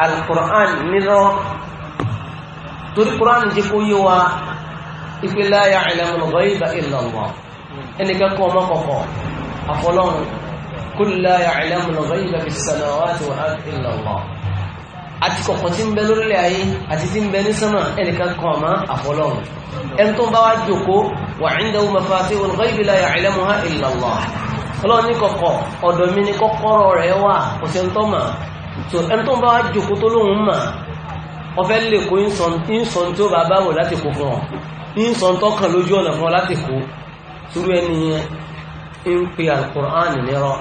alukur'an nírọ́ torí Quran jẹ́ kó yé wa ife la ya'lamul ghayba illa Allah ẹnìkan kọ́ ọmọ kọ̀kọ́ àfọlọ́run kul la ya'lamul ghayba bis samawati wal ardi illa Allah àti kọ̀kọ̀ tí ń bẹ lórílẹ̀ ayé àti tí ń bẹ ní sánmà ẹnìkan kan ọ̀má àfọlọ́run ẹn tó ń bá wá jòkó wa 'indahu mafatihul ghaybi la ya'lamuha illa Allah ọlọ́run ní kọ̀kọ̀ ọ̀dọ̀ mi ní kọ́kọ́rọ̀ rẹ̀ wà kò so ẹni tó ń bá wá jòkó tó lóhun mà ọfẹ́ lè kó ìsọ̀n tó bá báwò láti kó fún ọ ìsọ̀n tó kàn lójú ọ̀nà fún ọ láti kó sórí ẹni yẹn ń pe alukur'an nírọ́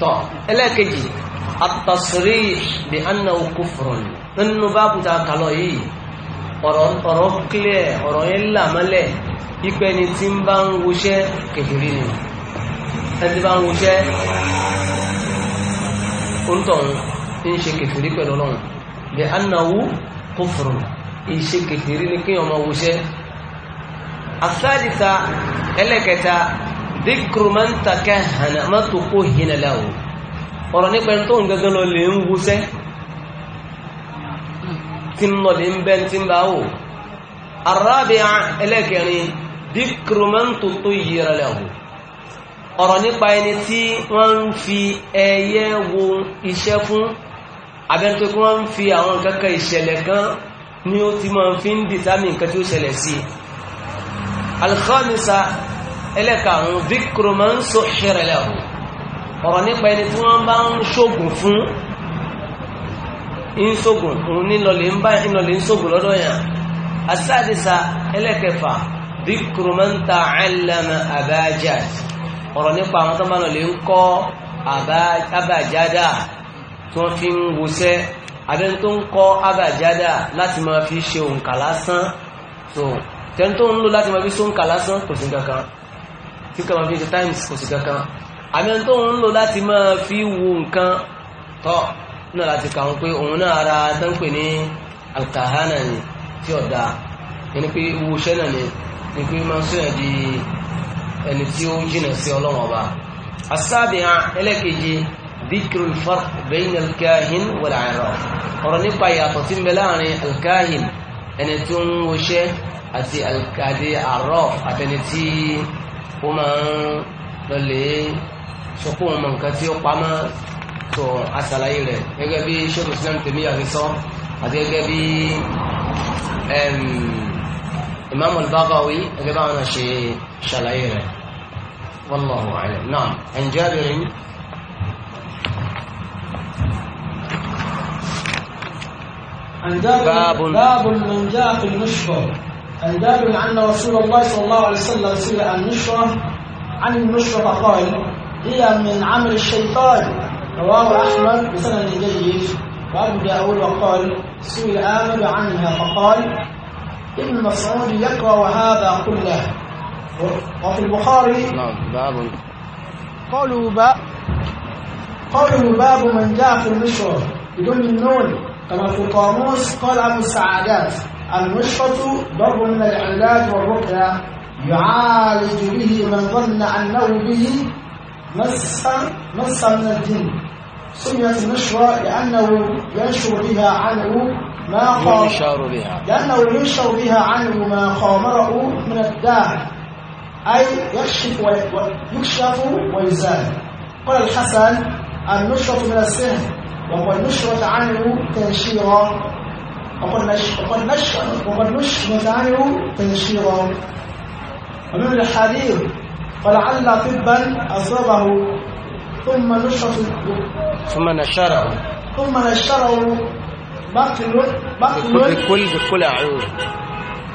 tọ́ ẹlẹ́ẹ̀kejì atasiri bi annahu kufrun nínú báàbù tá a kàlọ́ yìí ọ̀rọ̀ kílẹ̀ ọ̀rọ̀ yẹn làmọ́lẹ̀ ìpẹ́ni tí ń bá ń woṣẹ́ kékeré ni ẹni tí bá ń woṣẹ́ oníkọ̀ọ̀hún ń ṣe kẹfìrí pẹ̀lú ọlọ́run bí anáwó kófòrò ìṣe kẹfìrí ní kí ọmọ wọṣẹ́ asáàdìta ẹlẹ́kẹta díkùrùmọ́ntàkẹ́ hànàmọ́tòkó hìnàlá o ọ̀rọ̀ nípa ẹni tó ń gẹ́gẹ́ lọ lè ń wọṣẹ́ tí ń lọ lè ń bẹ́ tí ń bá wò arábìá ẹlẹ́kẹrin díkùrùmọ́ntòkó yìí rẹ̀ lẹ́wọ̀ ọ̀rọ̀ nípa ẹni tí wọ́n ń fi ẹyẹ wo iṣẹ́ fún abẹ́ntó kí wọ́n ń fi àwọn kankan ìṣẹ̀lẹ̀ kan ní ó ti máa fi ń dìtámì nǹkan tí ó ṣẹlẹ̀ sí alkhamisa ẹlẹ́karùn-ún dhikru man suhira lahu ọ̀rọ̀ nípa ẹni tí wọ́n bá ń ṣògùn fún ń ṣògùn ń bá ìnọlẹ̀ ń ṣògùn lọ́dọ̀ yàn asáàdìsá ẹlẹ́kẹfà dhikru man ta'allama ọ̀rọ̀ nípa àwọn tó máa lọ lè ń kọ́ àbájáda tó fi ń wọṣẹ́ abẹ́ni tó ń kọ́ àbájáda láti máa fi ṣe òǹkà lásán so tẹ́ni tó ń lò láti máa fi ṣe òǹkà lásán kò sí kankan tí kò máa fi ṣe times kò sí kankan abẹ́ni tó ń lò láti máa fi wo nǹkan tọ́ náà láti kà wọ́n pé òun náà ara tó ń pè ní alkahana ni tí ọ̀dà ẹni pé wo iṣẹ́ náà ni ni pé máa ń sọ̀rọ̀ di ẹni tí ó jìnà sí ọlọ́run ọba asábìá ẹlẹ́kejì dhikru al-farq bayna al-kahin wal-arraf ọ̀rọ̀ nípa ìyàtọ̀ tí ń bẹ láàrin al-kahin ẹni tí ó ń wọṣẹ́ àti àti arraf àtẹni tí ó máa ń lọlẹ̀ sọpọ̀ ọmọ nǹkan tí ó pamọ́ tó àṣàlàyé rẹ̀ gẹ́gẹ́ bí sheikh islam tèmíyà fi àti gẹ́gẹ́ bí إمام البغوي baghawi gẹ́gẹ́ شيء wọn والله اعلم نعم عن جابر náà باب باب من جاء في النشرة عن جابر أن رسول الله صلى الله عليه وسلم سئل عن النشرة عن النشرة فقال هي من عمل الشيطان رواه أحمد بسند جيد وأبو داود وقال سئل آمر عنها فقال ابن مسعود يقرأ هذا كله وفي البخاري نعم باب قالوا باب قالوا باب من جاء في المشرة بدون النون كما في قاموس قال أبو السعادات المشرة ضرب من العلاج والرقية يعالج به من ظن أنه به مس مس من الدين سميت المشرة لأنه ينشر بها عنه ما ينشر بها لأنه ينشر بها عنه ما خامره من الداع أي يكشف ويكشف ويزال قال الحسن النشرة من السهم وقد نشرت عنه تنشيرا وقد نشر وقد نشر نشرت عنه تنشيرا ومن الحرير فلعل طبا أصابه ثم نشرت ثم نشره ثم نشره مقل بكل بكل أعوذ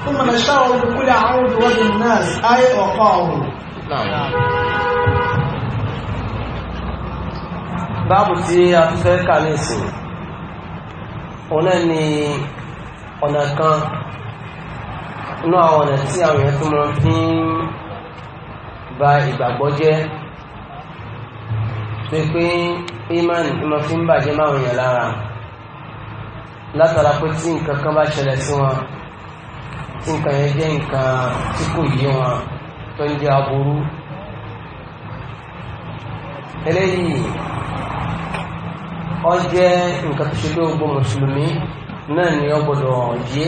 ثم نشره بكل عود وجه الناس أي وقعه نعم báàbù tí a tún fẹ́ kà ní ìsìn òun náà ni ọ̀nà kan inú àwọn ọ̀nà tí àwọn èèyàn tó máa fi ń ba ìgbàgbọ́ jẹ́ pé pé imán ni wọ́n fi ń bàjẹ́ máwọn èèyàn lára látara pé tí nǹkan kan bá ṣẹlẹ̀ sí wọn tí nǹkan yẹn jẹ́ nǹkan tí kò yé wọn tó ń jẹ́ aburú eléyìí ó jẹ́ nǹkan tó ṣe pé gbogbo mùsùlùmí náà ni ó gbọdọ̀ yé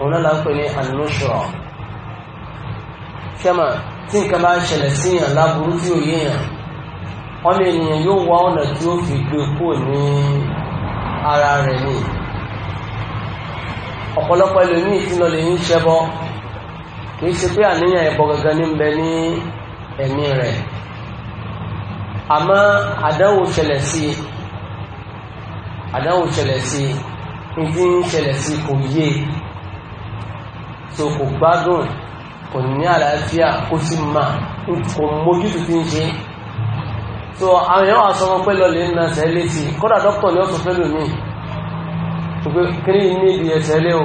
òun náà la ní ànúṣọ ṣẹ́mà tí nǹkan bá ń ṣẹlẹ̀ síyàn láburú tí ò yéèyàn ọmọ ènìyàn yóò wá ọ̀nà tí ó fi gbé kúrò ní ara rẹ̀ ni ọ̀pọ̀lọpọ̀ ẹlòmíì tí lọ́lẹ̀ ń ṣẹbọ kìí ṣe pé àníyàn ẹbọ gangan ní bẹ ní ẹ̀mí rẹ̀ àmọ́ àdánwò ṣẹlẹ̀ sí àdánwò ṣẹlẹ̀ sí ní tí ń ṣẹlẹ̀ sí kò yé so kò gbádùn kò ní àlàáfíà kò sí mà kò mójútó tí ń ṣe so àwọn èèyàn wà sọ wọn pé lọlẹ̀ ń nasẹ̀ létí ni ó sọ fẹ́lú mi kiri níbi ẹsẹ̀ lé o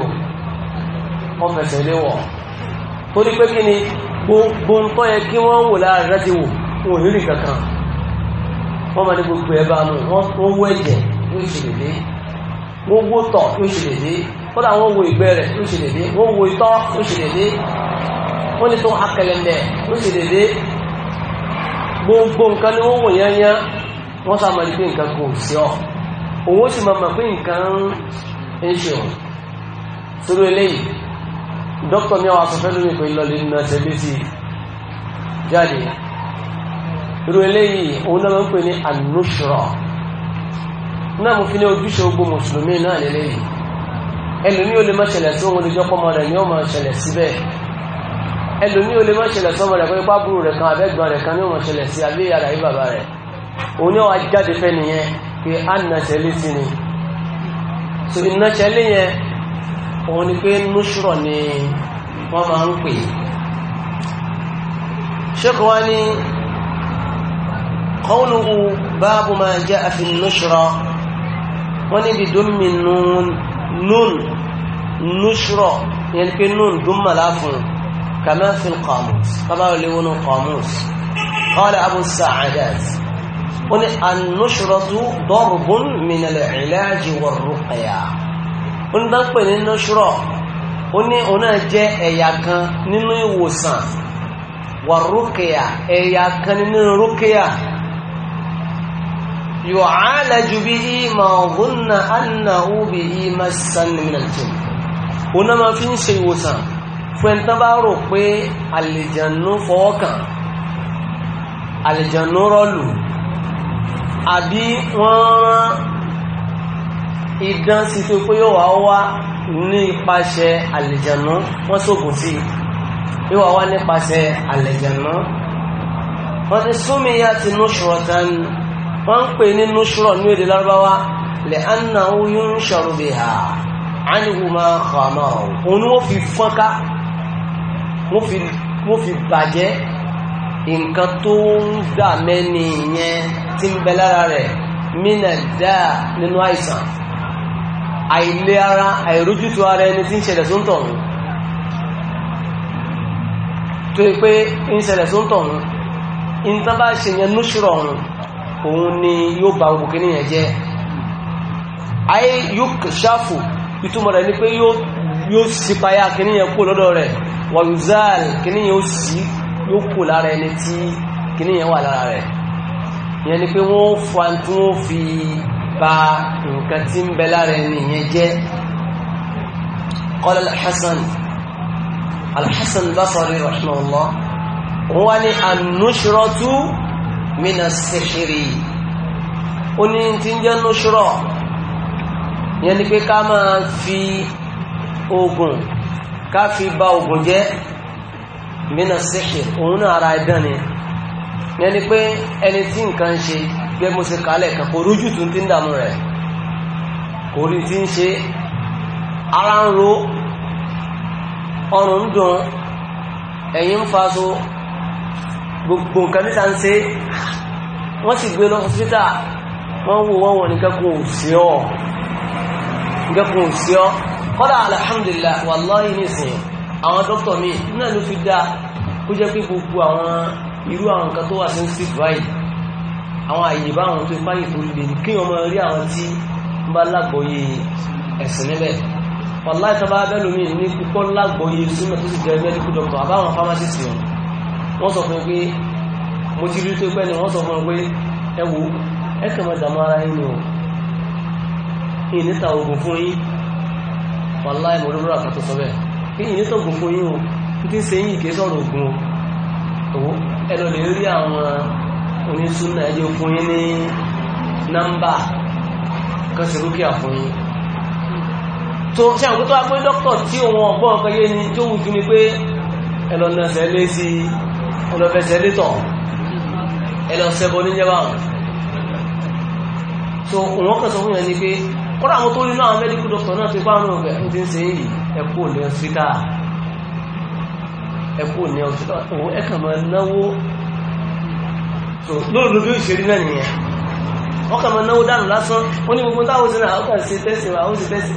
wọ́n fẹsẹ̀ lé wọ̀ torí pé kí ni gbogbo ń tọ́ yẹ kí wọ́n wò láàrin láti wò wọ́n rí kankan wọ́n máa ní gbogbo ẹ̀ nù wọ́n wọ ẹ̀jẹ̀ yóò ṣe lèdè gbogbo nǹkan ni wọ́n wò yányá wọ́n sá máa rí pé nǹkan kò sí ọ òun sì máa mọ̀ pé nǹkan ń ṣe ọ̀ sórí eléyìí dókítà mi àwọn asọ̀fẹ́ lómi na lọ́lẹ̀ nínú ẹsẹ̀ létí jáde irú eléyìí òun náà ń pè ní ànúṣọ̀rọ̀ náà mo fi ní ojúṣe gbogbo mùsùlùmí náà lélẹ́yìí ẹlòmí ò lè má ṣẹlẹ̀ sí òun pọ́mọ rẹ̀ ẹlòmí o lè má ṣẹlẹ̀ sọ́mọ rẹ̀ pé pábùrù rẹ̀ kan abẹ́gbọ̀n rẹ̀ kan ní òun ṣẹlẹ̀ sí abẹ́ yàrá yìí bàbá rẹ̀ òun ní wàá jáde fẹ́ nìyẹn pé á nà ṣẹlẹ̀ sí ni so iná ṣẹlẹ̀ yẹn òun ni pé nùṣùrọ̀ ni wọ́n máa ń pè ṣékùn wá ní kọ́wùlùkù báàbù máa jẹ́ àfi nùṣùrọ̀ wọ́n ní bìdómi nùn nùṣùrọ̀ yẹn pé nùn dùn màlá un. كما في القاموس كما لون القاموس قال أبو السعادات قل النشرة ضرب من العلاج والرقية قل ضرب النشرة قل هنا جاء إياكا ننو يوسان والرقية إياكا ننو رقية يعالج به ما ظن أنه به مسا من الجن هنا ما في شيء يوسان fún ẹni tán bá rò pé àlìjànú fọwọ́kàn àlìjànú rọ́lù àbí wọ́n rán idán sí tó pé yóò wá wá ní ipasẹ̀ àlìjànú wọ́n sókùn sí yóò wá wá nípasẹ̀ àlìjànú wọ́n ti súnmi yá ti núṣùrọ̀ tán wọ́n ń pè ní núṣùrọ̀ ní èdè lárúbáwá lẹ́ánà ó yún ṣọ̀rọ̀ bìhà ánìwò máa kọ̀ àmọ́ òun ni fi fọ́nká wọ́n fi bàjẹ́ nǹkan tó ń gbà mẹ́ni yẹn tí ń bẹ lára rẹ̀ mínà dáa nínú àìsàn àìlé ara àìrójútu ara ẹni tí ń ṣẹlẹ̀ tó ń tọ̀hún tó yí pé ń ṣẹlẹ̀ tó ń tọ̀hún bá ṣe yẹn núṣùrọ̀ ọ̀hún òun ni yóò ba gbogbo kí nìyẹn jẹ́ ayé yóò ṣáfù ìtumọ̀ rẹ̀ ni pé yóò yóò sì payá kìníyàn kó lọ́dọ̀ rẹ̀ wàlúzáàl kìníyàn ó sì yóò kó lára ẹni tí kìníyàn wà lára rẹ̀ ìyẹn ni pé wọ́n fa tí wọ́n fi ba nǹkan tí ń bẹ lára ẹni yẹn jẹ́ qala al-Hasan al-Hasan wọ́n wá ní mina sihiri ó ní tí ń jẹ́ nushrọ̀ ìyẹn ni pé ká máa fi ogun ká fi ba ogun jẹ́ mínà síkì òun náà ara ẹ̀dán ni yẹn ni pé ẹni tí nǹkan ń ṣe mo kálẹ̀ kan kò rújù ti ń rẹ̀ kò rí ti ń ṣe ara ń ro ọrùn ń dùn ẹ̀yìn ń faso gbogbo nǹkan níta ń ṣe wọ́n sì gbé lọ síta wọ́n wò wọ́n wọ̀ kò kọ́dà alhamdulillah wallahi nísìnyí àwọn dókítà mi náà ló fi dá kó jẹ́ pé gbogbo àwọn irú àwọn nǹkan tó wà sí sí báyìí àwọn àyè bá àwọn tó fáyè tó lè ní kí wọ́n máa rí àwọn tí ń bá lágbọ́yé ẹ̀sìn níbẹ̀ wallahi tó bá ní púpọ̀ lágbọ́yé súnmọ́ tó sì jẹ́ medical doctor àbáwọn pharmacist wọn sọ fún pé mo ti rí tó pẹ́ ni wọ́n sọ fún pé ẹ wo ẹ kàn máa dààmú ara yín o fún yín wàláì mọ̀ olóró àkàtò sọ bẹ́ẹ̀ kí ìyẹn tó gùn fún yín o tí ń ṣe yín ìké sọ̀rọ̀ ògùn owó ẹlọ lè rí àwọn onísúnà ẹjọ́ fún yín ní nọ́mbà kan fún yín tó ṣe àwọn tó wá pé tí òun ọgbọ́n ọkọ ni tó wù fún ni pé ẹlọ náà ṣe lé so òun kàn sọ ni pé kọ́rọ̀ àwọn tó nínú àwọn medical doctor náà ti pa àwọn ọ̀gbẹ̀ ń ti ń se yìí ẹkù ní ọ̀sítà ẹkù ní ọ̀sítà òun ẹkà máa náwó lóòrùn bí ìṣèrí náà nìyẹn wọ́n kà máa náwó dànù lásán ó ní gbogbo táwọn sí náà ọkàn sí tẹ́sì wa ó sì tẹ́sì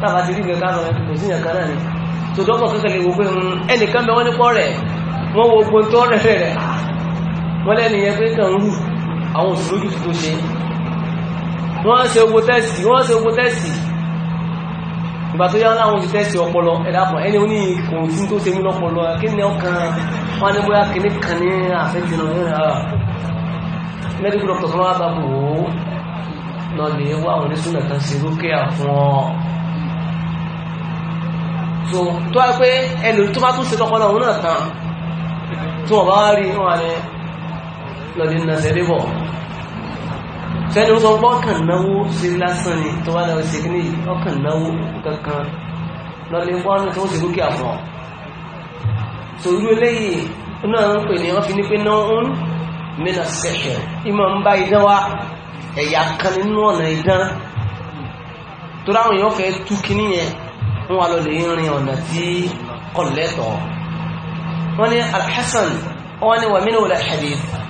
tábà ti rí ìgbẹ̀ká lọ kò sí ìyàn kan náà ni tó dọ́pọ̀ kékeré wo pé hmm, ẹnìkan bẹ wọ́n ní pọ́ rẹ̀ wọ́n wo gbogbo tó rẹ̀ rẹ̀ wọ́n lẹ́nu yẹn pé wọ́n se ogun tẹ́sì wọ́n ṣe ogun tẹ́sì ìgbà tó yá láwọn ti tẹ́sì ọpọlọ ẹ̀dàpọ̀ ẹni ó ní ìkùn tí tó ṣe mú lọ́pọlọ kí ni ọkàn wọn ní bóyá kìíní kan ní àfẹ́tì náà ní ara mẹ́díkù dọ́kítọ̀ tó máa bàbù ó lọ lè wá àwọn oníṣúná kan ṣe lókè àfún ọ tó tó wá pé ẹni tó bá tún ṣe lọ́pọlọ òun náà tán tó wọ́n bá wá rí wọn ní sẹ́ni ó sọ pé ọkàn náwó sí lásán ni tó wá lọ́wọ́ ìṣègùn ní ọkàn náwó kankan lọ́lé wọ́n tó ń ṣe dúkìá fún ọ sòrú eléyìí náà ń pè ní wọ́n fi ní pé náà ń mẹ́nà sẹ́ṣẹ̀ ìmọ̀ ń bá idán wá ẹ̀yà kan nínú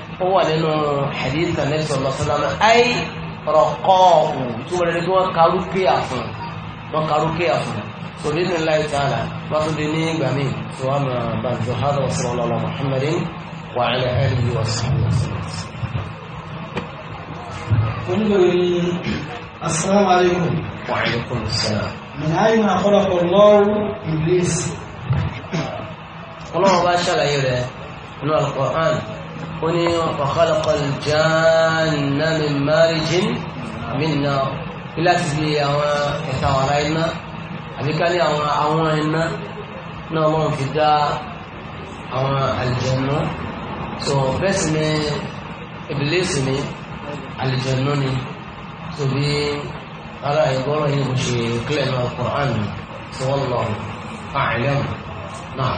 ó wà nínú hadith anabi sallallahu alaihi wasallam ay rọ̀kọ́ọ̀hù tí wọ́n rẹ̀ kí wọ́n karú kéà fún wọ́n karú kéà fún so bí ní láì tààlà wọ́n tún di ní ìgbà mi tí wọ́n máa bá jù hádà wasu ọlọ́lọ́ muhammadin wà ala alihi wasu assalamu alaikum wa alaikum assalam min aina khalaqa Allahu iblis Ọlọ́run bá ṣàlàyé rẹ̀ nínú Al-Qur'an wọ́n ní ọ̀kọ́lọ́kọ́ jáàna mi márì jìn mí nà bí láti fi àwọn ẹ̀ka ọ̀rá iná àbí ká ní àwọn àwọn iná náà wọ́n fi dá àwọn àlìjẹ̀nú so bẹ́ẹ̀ sì ni ìbílẹ̀sì ni àlìjẹ̀nú ni so bí ara ìgbọ́rọ̀ yìí kò ṣe kílẹ̀ náà Kùránì tí wọ́n lọ àìlẹ́mù náà.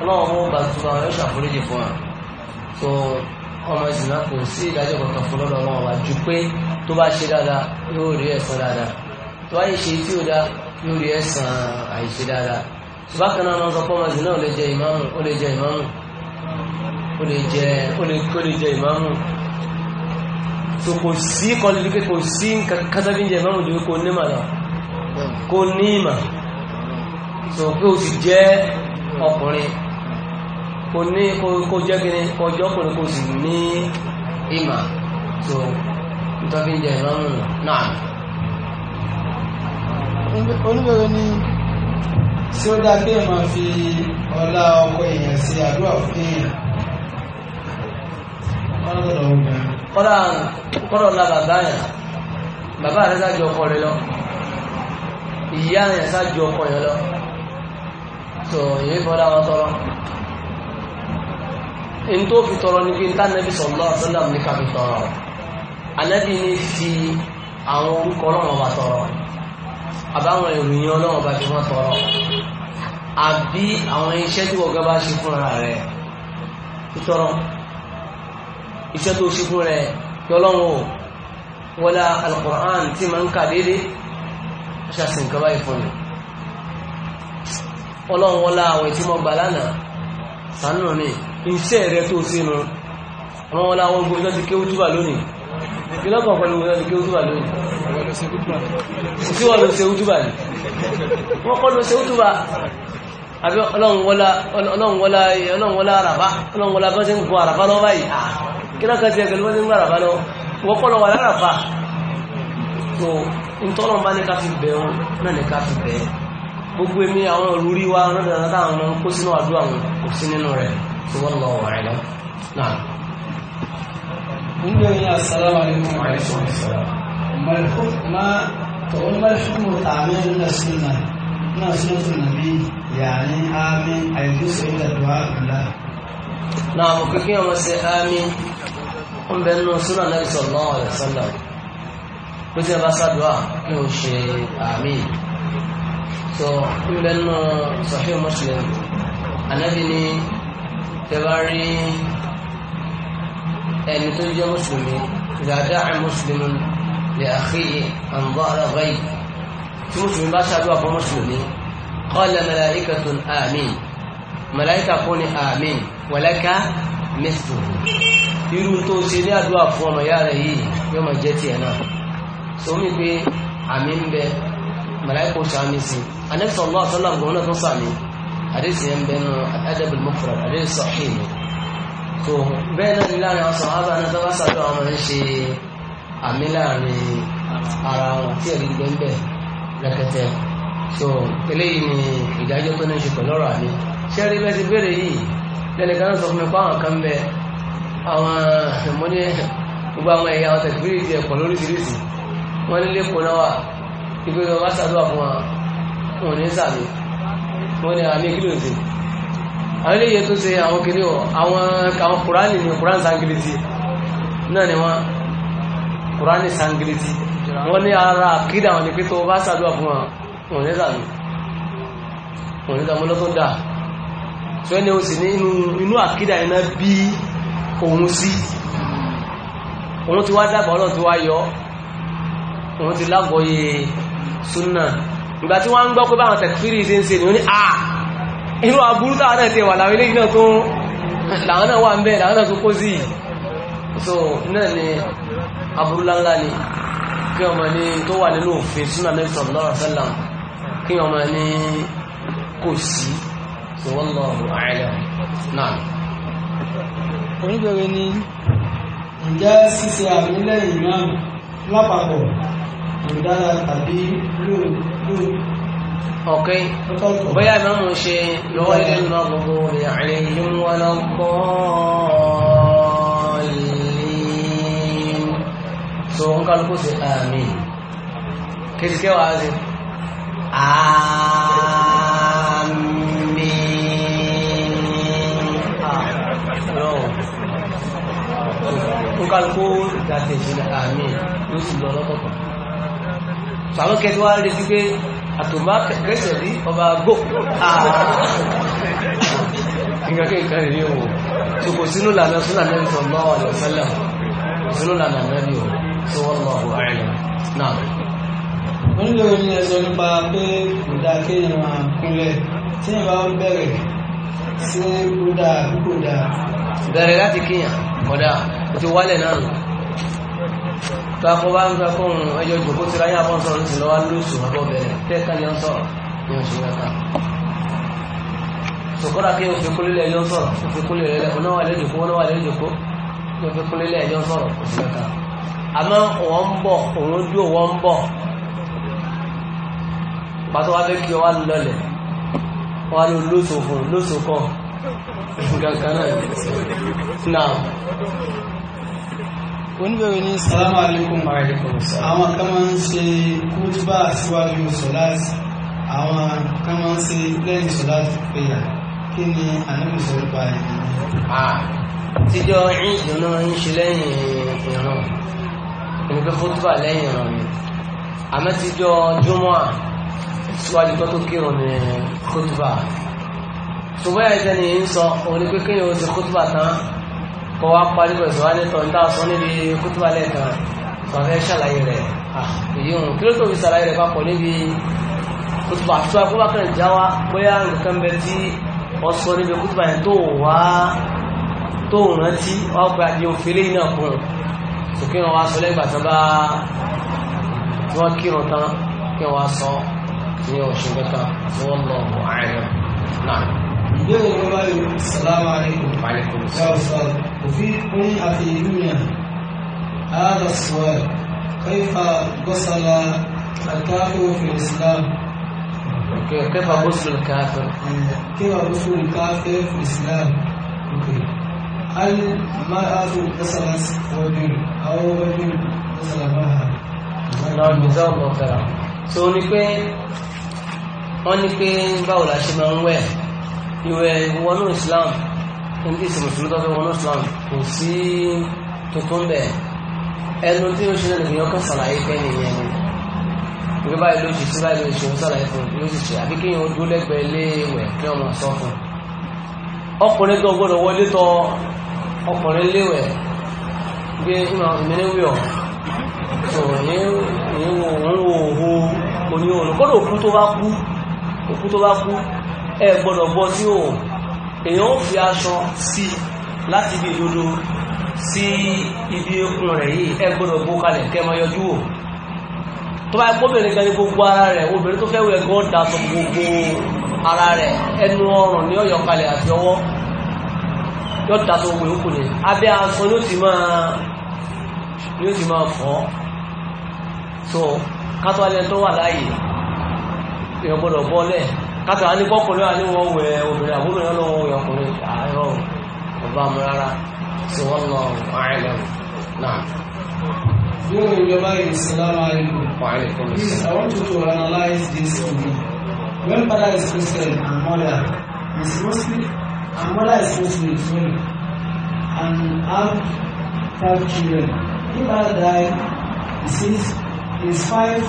ọlọ́wọ́ bó bá túbọ̀ àwọn yóò ṣàforíjì fún wa tó ọmọ ìsìnà kò sí ìdájọ́ kankan fún lọ́dọ̀ ọlọ́wọ́ wa ju pé tó bá ṣe dáadáa yóò rí ẹ̀san dáadáa tó báyìí ṣe tí ó dá yóò rí ẹ̀san àìṣe dáadáa tó bá kan náà lọ́sọ pé ọmọ ìsìnà ò lè jẹ ìmáàmù ó lè jẹ ìmáàmù ó lè jẹ ó lè kó lè jẹ ìmáàmù tó kò sí kọlìlì pé kò sí kátàbí jẹ ìmáàmù ju kò ní màlá kò ọkùnrin kò ní kò jẹ́ kí ni kò jọ́kùnrin kò sì ní ìmà tó nítorí jẹ ìmọ̀mù náà. oníbẹ̀rẹ̀ ni tí ó dáa kéèyàn máa fi ọlá ọkọ èèyàn ṣe àdúrà fún èèyàn kọ́dà kọ́dà ọ̀la bàbá yẹn bàbá rẹ̀ ṣáájú ọkọ rẹ̀ lọ ìyá rẹ̀ ṣáájú ọkọ yẹn lọ tó èyí bọ́dá wọn tọrọ in tó fi tọrọ níbi tá nẹ́bí sallallahu alaihi wasallam ní ká fi tọrọ anẹ́bí ní fi àwọn orúkọ ọlọ́wọ́n bá tọrọ àbáwọn ìròyìn ọlọ́wọ́n bá fi wọ́n tọrọ àbí àwọn iṣẹ́ tí wọ́n gẹ́gẹ́ bá ṣe fúnra rẹ̀ tọrọ iṣẹ́ tó ṣe fún rẹ̀ kí ọlọ́wọ́ wọlá al-Qur'an tí ma ń kà dédé ṣàṣìn kaba ìfúnni ọlọ́wọ́ wọlá àwọn ìtí gbà lánàá sánú ni iṣẹ́ rẹ tó sínú àwọn wọn láwọn ogun ìjọ́sí kéwú túbà lónìí ìlọ́kàn pẹ̀lú ìjọ́sí kéwú túbà lónìí sí wọ́n ló ṣe útúbà ní wọ́n kọ́ ló ṣe útúbà àbí ọlọ́run wọlá àràbá ọlọ́run wọlá bọ́n ṣe ń gun àràbá lọ́wọ́ báyìí ah, kí lọ́kàn ti ẹgbẹ̀lú bọ́n ṣe ń gun àràbá lọ́wọ́ wọ́n kọ́ lọ wà láràbá tó ń tọ́lọ̀ bá ní ká fi bẹ̀ wọn náà ní ká fi bẹ̀ gbogbo èmi àwọn olórí wa rẹ̀ dáadáa àwọn kó sínú àdúrà wọn kò sí nínú rẹ̀ والله أعلم نعم قلنا السلام عليكم وعليكم السلام ما الحكم ما تقول ما الحكم تعميم السنة من سنة النبي يعني آمين أي جزء إلى دعاء الله نعم وكيف ما آمين قم بأنه سنة النبي صلى الله عليه وسلم قلت يا بسادوا كيف شيء آمين so قم بأنه صحيح مسلم النبي tẹ́wá rí ẹni tó jẹ́ mùsùlùmí ìdàdá mùsùlùmí lè àkíyè àǹbọ̀ àràbáyé tí mùsùlùmí bá ṣàdúrà fún mùsùlùmí qala malaikatun àmín màláìkà fún ni àmín walaka mẹ́sìtò irú tó ṣe ní àdúrà fún ọmọ ìyá rẹ̀ yìí yóò máa jẹ́ tiẹ̀ náà so pé àmì ń bẹ màláìkà ó ṣàmì sí anẹ́sọ̀lọ́ àtọ́lá gbọ́n náà tó sàmì àdéhùn yẹn bẹ́ẹ̀ nù adabul mufrad àdéhùn sahih ni tó bẹ́ẹ̀ náà ní láàrin àwọn sọ̀rọ̀ àbáyé tó bá sàdó àwọn ọmọ ń ṣe àmì láàrin ara wọn tí ẹ̀rí gbẹ́ ń bẹ̀ rẹpẹtẹ tó eléyìí ni ìdájọ́ tó ní ṣe pẹ̀lú ọ̀rọ̀ àmì ṣẹ́rí bẹ́ẹ̀ ti béèrè yìí lẹ́nu kan sọ fún mi pé àwọn kan bẹ àwọn mo ní gbogbo àwọn ẹ̀yà àwọn tẹ̀gbìrì ti ẹ̀kọ́ lóríṣiríṣi wọ́n nílé kóná wà ìgbésọ̀ bá sàdó àfọwọ́n òun ní sàmì wọ́n ní àmì kí ló ń ṣe àwọn ilé yẹn tó ṣe àwọn kìíní ọ̀ àwọn àwọn kùránì ní kùránì sangiriti náà ni wọ́n kùránì sangiriti wọ́n ní ara àkídà wọn ni pé tó bá ṣàdúrà fún wọn wọn ní sàmì wọn ní sàmì lọ́tọ́ dà tí wọ́n ní o sì ní inú àkídà iná bí òun sí òun ti ìgbà tí wọ́n ń gbọ́ pé báwọn tẹ̀kífìrí ṣe ń ṣe ní ó ní à inú aburú táwọn náà ti wà láwọn ilé náà tó làwọn náà wà ń bẹ́ làwọn náà tó kó sí so náà ni aburú láńlá ni kí ọmọ ní tó wà nínú òfin súnà Nabi sallallahu alaihi wasallam kí ọmọ ní kò sí so wallahu a'lam náà oníbẹ̀rẹ̀ ni ǹjẹ́ ṣíṣe àmì lẹ́yìn lápapọ̀ kò tàbí lóòrùn ọ̀kẹ́ bóyá ìmọ̀ mú ṣe lọ́wọ́ ilé ńlọ gbogbo ìrìn yìí wọ́n lọ kọ́ ìlú tó ń kálukú sí àmì kìí kí wàá sí àmì ń kálukú dàtẹ̀ sí àmì ló sì lọ lọ́kọ̀ọ̀kan. Kalau kẹtù wá juga, sí pé àtòmá kẹsàn rí ọba gbò nǹkan nǹkan rí o so kò sínú lànà sínú lànà ní sọ̀rọ̀ lọ́wọ́ àlọ́ sẹ́lẹ̀ kò sínú lànà náà ni o tó wọ́n lọ àwọn àìlẹ̀ náà. wọ́n nílò ní ẹ̀sọ́ nípa pé kò dáa kéèyàn máa kúnlẹ̀ tí èèyàn bá ń bẹ̀rẹ̀ sí kó ti wálẹ̀ náà tó akọ bá ń gba fóun ẹjọ ìjòkó ti ráyà bọ́n sọ̀rọ̀ ní ìlọ́wà lóṣù àbọ̀ bẹ̀rẹ̀ tẹ́ka ni wọ́n sọ̀rọ̀ ní oṣù mẹ́ta sọ̀kọ́dà kí o fi kúlélẹ̀ ẹjọ́ sọ̀rọ̀ o fi kúlélẹ̀ ẹjọ́ náà wà lẹ́jọ̀kó náà wà lẹ́jọ̀kó o fi kúlélẹ̀ ẹjọ́ sọ̀rọ̀ oṣù mẹ́ta àmọ́ wọ́n ń bọ̀ òun dúró wọ́n ń bọ̀ pàtó wá fẹ́ kí ọ wá lọlẹ̀ wá ló lóṣù fún lóṣù kọ́ nǹkan náà oníbẹ̀rẹ̀ ní salamu alaikum àwọn kan máa ń ṣe kútúbà síwájú sọ̀láàtì àwọn kan máa ń ṣe lẹ́yìn sọ̀láàtì péyà kí ni ànábì sọ̀rọ̀ pa ẹ̀yìn tíjọ́ ìjọ náà ń ṣe lẹ́yìn ìran ìrìnkẹ́ kútúbà lẹ́yìn ìran mi àmọ́ tíjọ́ júmọ́ síwájú tó tó kírun ní kútúbà ṣùgbọ́n ẹ̀jẹ̀ ni ń sọ òun ni pé kéèyàn ó ṣe kútúbà tán kọ́ wá parí rẹ̀ sọ́wá ní tọ́ńdá sọ níbi kútúbà lẹ́ẹ̀kan sọ̀rọ̀ ṣàlàyé rẹ̀ èyí hùn kí ló tó fi ṣàlàyé rẹ̀ papọ̀ níbi kútúbà tó ẹkọ́ bá kàn já wá bóyá nǹkan bẹ tí ọ sọ níbi kútúbà yẹn tó wá tó rántí ọgbà di òfin lẹ́yìn náà kùn sókè wọn wá sọ lẹ́gbàá tán bá tí wọ́n kírun tán kí wọ́n sọ ní oṣù kẹta tí wọ́n lọ wọ àárín يفيدكم أفيدنا هذا السؤال كيف غسل الكافر في الإسلام؟ كيف غسل الكافر؟ كيف غسل الكافر في الإسلام؟ هل ما مرأة غسلت رجل أو رجل غسل امرأة؟ نعم جزاه الله خيرا. So ni pé wọ́n ní pé báwo la ṣe máa de ẹni tí ìsìnkú sílùú tọ́fẹ́ wọn islam kò sí tuntun bẹ́ẹ̀ ẹnu tí ó ṣe lẹ́nu èèyàn kan ṣàlàyé pé nìyẹn ni ìgbé báyìí ló ṣe sí báyìí ló ṣe ó ṣàlàyé fún un ló sì ṣe àbí kéèyàn dúró lẹ́gbẹ̀ẹ́ léèwẹ̀ kí wọ́n sọ fún un ọkùnrin tó gbọ́dọ̀ wọlé tọ ọkùnrin léèwẹ̀ gbé ìmọ̀ràn wíọ̀ tó ní wo òun wo òhò oníhòòrùn kọ́dọ̀ òkú tó bá kú òkú tó bá kú ẹ gbọ́dọ̀ bọ́ o òun èyàn ó fi aṣọ sí láti ibi ìdodo sí ibi okun rẹ̀ yìí ẹ gbọ́dọ̀ bó kalẹ̀ kẹ́ máa yọjú wò tó bá gbóbìnrin kan ní gbogbo ara rẹ̀ obìnrin tó fẹ́ wẹ̀ gan da sọ gbogbo ara rẹ̀ ẹnu ọrùn ní ọ̀yọ̀ kalẹ̀ àti ọwọ́ yóò da sọ gbogbo ìkùn abẹ́ aṣọ ni ó ti máa ni ó ti máa fọ́ so kátó alẹ́ tó wà láàyè èèyàn gbọ́dọ̀ bọ́lẹ̀ kátà ní kọkùnrin àní wọn wẹ obìnrin àbúrò lọ ọkùnrin àárọ̀ ọba mu tí wọn lọ I want you to analyze this When father is Christian and is Muslim, and is Muslim, sorry, and have five children, if I die, he says, he is five,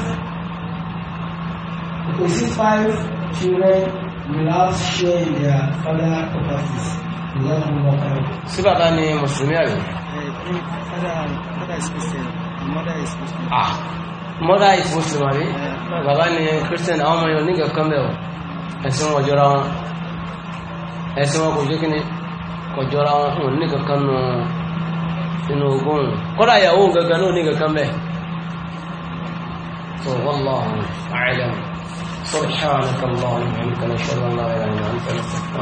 he says five children will have share in their father properties. Sí bàbá ni Mùsùlùmí àrí? Eh, eh, ah, mother is Muslim àrí? Eh, bàbá ni Christian, àwọn ọmọ yóò nígbà kan bẹ̀rẹ̀ ẹ̀sìn wọn jọra wọn. Ẹ̀sìn wọn kò jẹ́ kí ni kò jọra wọn, wọn nígbà kan nínú Ogun. Kọ́dà ìyàwó gẹ́gẹ́ náà nígbà kan bẹ̀rẹ̀. So, wallahu a'lam. سبحانک اللهم وبحمدک ان لا اله الا انت ہوں